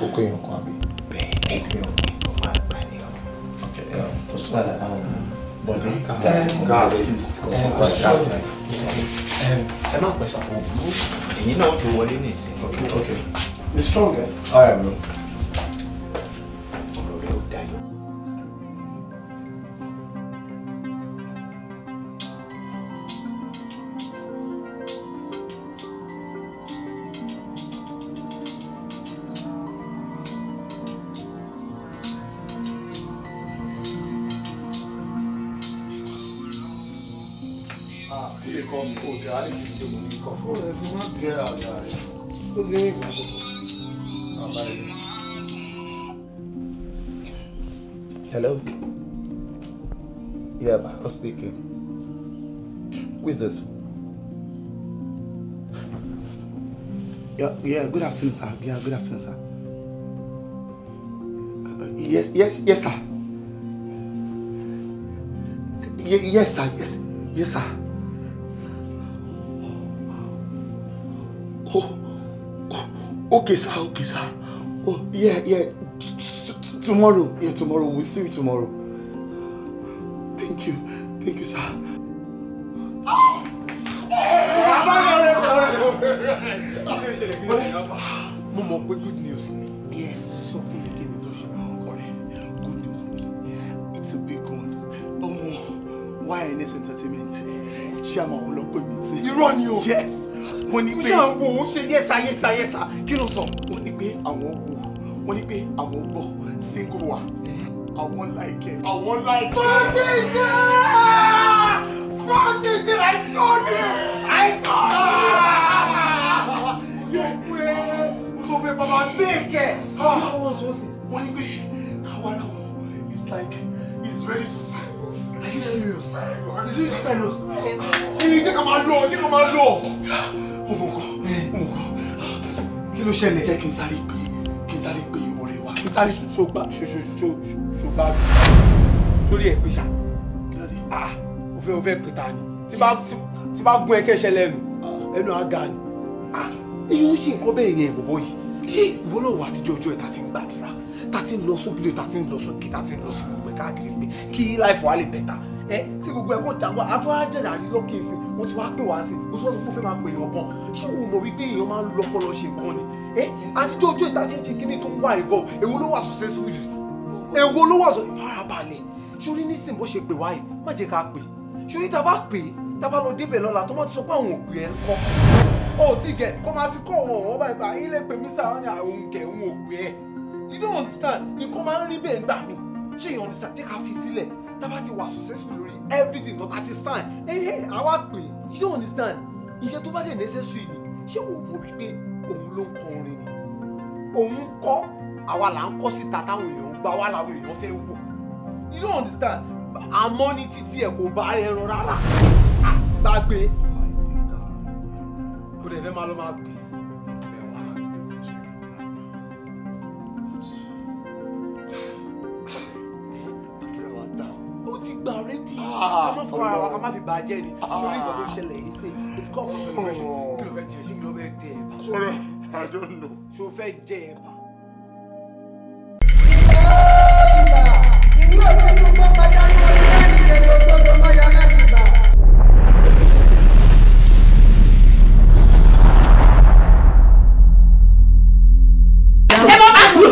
kó kó èèyàn kan àbí. bẹ́ẹ̀ ni ó máa gbà ní ọ. kò sí wàhálà àwọn bọ̀dé láti kọ́ ọ́ skills kọ́ ọ́ skills ẹ má pẹ̀sà fún mi ẹ̀yin náà ó ti wọlé ní ìsìn. ok ok you strong eh? all right bro. cozinha, cara. Hello? Yeah, i was speaking. Who is this? Yeah, yeah, good afternoon, sir. Yeah, good afternoon, sir. Uh, yes, yes, yes, sir. Y yes, sir, yes, yes, sir. Okay, sir. Okay, sir. Oh, yeah, yeah. tomorrow. Yeah, tomorrow. We'll see you tomorrow. Thank you. Thank you, sir. Mo mọ̀ pé good news ni. Yes. Sọ fún mi kébi tó ṣe máa ń kọ́lé. Good news ni. It's a big one. Ọmọ YNS Entertainment. Ṣé àwọn ọlọ́pẹ́ mi sí? Irọ́ ni o. Yes wọ́n ní pé wọ́n wo ṣe yẹ́sà yẹ́sà yẹ́sà kí ló sọ wọ́n ní pé àwọn wo wọ́n ní pé àwọn gbọ́ single wa àwọn láìkẹ́ àwọn láìkẹ́. fọ́tísì fọ́tísì rẹ̀ tọ́ni àìtọ́ni. yẹ pé sọ pé bàbá bẹ́ẹ̀kẹ́. Ah! wọ́n ní pé àwa ara wọn is like is ready to sign us. are you serious? are you serious? kí ni jẹ́ ká máa lọ jẹ́ ká máa lọ ọmọkọ ọmọkọ kí ló ṣẹlẹ̀. jẹ́ kí n sáré pé kí n sáré pé ọ̀rẹ́ wa kí n sáré. ṣùgbọ́n ṣùgbọ́n sórí ẹ̀ pèsè kí ló dé. Ah, o fẹ́ o fẹ́ pè ta ni tí bá gún ẹkẹ ṣẹlẹ̀ nù ah. ẹnu àga ni. Ah, èyí ń ṣe nǹkan bẹ́ẹ̀ yẹn bọ̀bọ̀ yìí ṣé ìwọ náà wà àtijọ́ ọjọ́ ìta ti ń gbàdúrà ta ti ń lọ sókè ta ti ń lọ sókè ta ti ń lọ sí káàkiri pé kí life wa lè better ẹ tí gbogbo ẹ̀kọ́ jàgbọ́ àtọ́ àjẹjà rí lọ́kì ìsìn mo ti wá pè wá sí mo sọ́ọ́ tó kó fẹ́ máa pè èèyàn kan ṣé òun mọ̀ wípé èèyàn máa ń lọ ọpọlọ ṣe nǹkan ni ẹ àtijọ́ ojú ìta ṣe ń ṣe kíní tó ń wá ìvọ̀ èwo ló wà successful jù èwo ló wà sọ ìfarabalẹ̀ sórí nísìn bó ṣe pè wá yìí má jẹ́ ká pè sórí tá a bá pè tá a bá lọ débẹ̀ lọ́la tó má ti sọ pé àwọn òpè ẹ̀ kọ́ ó ti gẹ̀ kọ́ máa fi kọ́ wọn ọ̀wọ́ báyìí báyìí ilé pè mí sáà ní àwọn òǹkẹ̀ òun òpè you don't understand nǹkan máa ń rí bẹ́ẹ̀ gbà mí ṣé you understand take a fi sílẹ̀ tábà ti wà successful lórí everything tó ta ti sign ẹ̀hẹ́ àwa pè you don't understand iye tó bá dẹ̀ necessary ni ṣé wò ó mọ̀ wípé òun ló ń kọ orin ni òun kọ́ àwa là ń kọ́ síta táwọn èèyàn ń gbà wá làwọn èèyàn fẹ́ wò you don't understand àmọ́ ní títí ẹ̀ kò bá ẹran rárá àgbàgbé kò dẹ̀ fẹ́ máa lọ máa bì ọmọ fún ara wa ká má fi bà á ni sórí ìgbà tó ṣẹlẹ̀ yìí sí it's called for celebration oh. kí ló fẹ́ jẹ ṣé kí ló fẹ́ tẹ ẹ̀bà. Eh, I don't know. ṣé fẹ́ jẹ ẹ̀bà. ìlú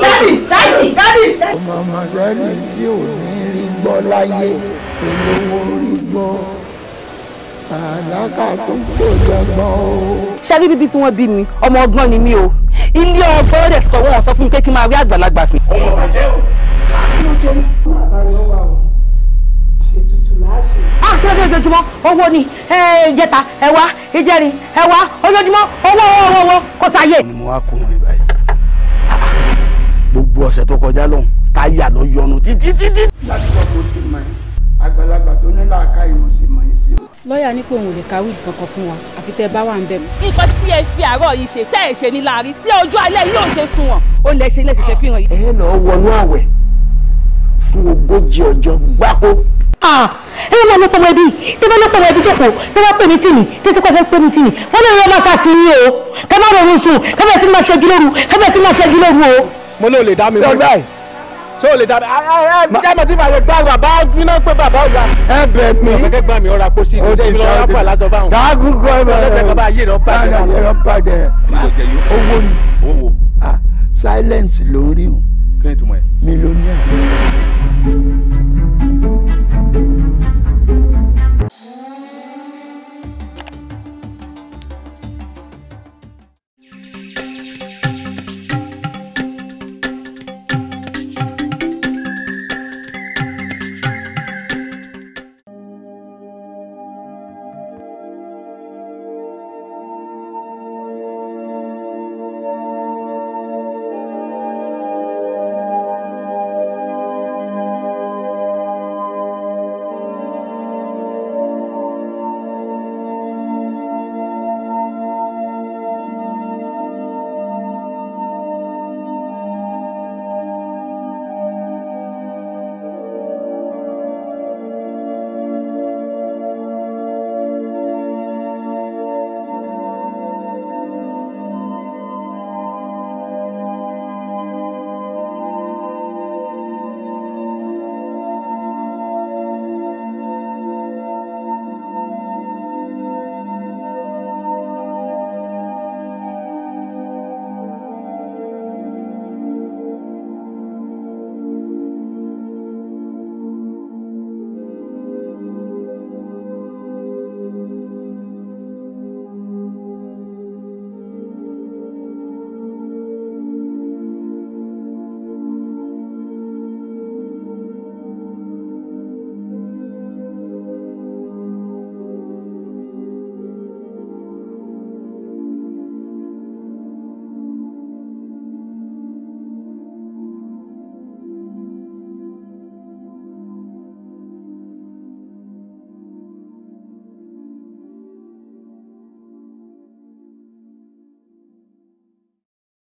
Daddy, daddy, daddy. Ọmọ ọmọ rẹ̀ ní tí ò ní rí gbọ́ olówó orí gbọ́ àdáká tó kò jẹgbọ́n o. ṣebí bíbí tí wọ́n bí mi ọmọ ọgbọ́n ni mí o ilé ọgbọ́n lọ́dẹ̀ sọ wọ́n sọ fún mi pé kí n máa rí àgbàlagbà fún. ọmọ bàjẹ́ o àbí ó ṣe ní. Ah, kí ló dé ojoojúmọ́? Owó ni ìjẹta ẹ̀wá ìjẹrin ẹ̀wá ojoojúmọ́ owó owó owó kò sáyé. Ni mo wá kùnrin báyìí. Gbogbo ọ̀sẹ̀ tó kọjá lọ́hùn, táyà lọ yọnu títí títí. Láti sọ pé ti máa àgbàlagbà tó ní làákà ìmọ̀ sí mọ̀ ẹ́ sí o. lọ́ọ̀yà ní pé òun lè kàwé kankan fún wa àfi tẹ́ ẹ bá wà ń bẹ̀ nǹkan tí ẹ fi àárọ̀ yìí ṣe tẹ́ ẹ ṣe ní láàrin tí ojú alẹ́ yìí yóò ṣe sun wọn ó lẹ ṣe lẹ́sẹ̀ tẹ́ fi hàn yìí. ẹ lọ wọnú àwẹ̀ fún ogójì ọjọ́ gbáko. ẹ máa ní pọmọ ẹbí tẹ bá ní pọmọ ẹbí jòkó tẹ bá pè mí tì ní tẹ sí pọmọ pè mí tì ní wọn lè yọ máa sàṣì sí máa o. mo ṣé o lè dábẹ́ ah, ah, ah, jábẹ́ tí màá lè gbá bàbá gbiná pé bàbá ọ̀gá. ẹ bẹ̀ mí. ọ̀kẹ́kẹ́ gbà mí ọ̀rá pósí ní sẹ́yìn lọ́wọ́ ráfà lásán báwọn. dàgùn kọ́ ẹ bẹ̀rẹ̀ lọ́sẹ̀ kaba ayé náà bàjẹ́. ayé náà bàjẹ́. owó ni owó. silence ló ń rí o. kí ni tuma yẹ. mílíọ̀nù.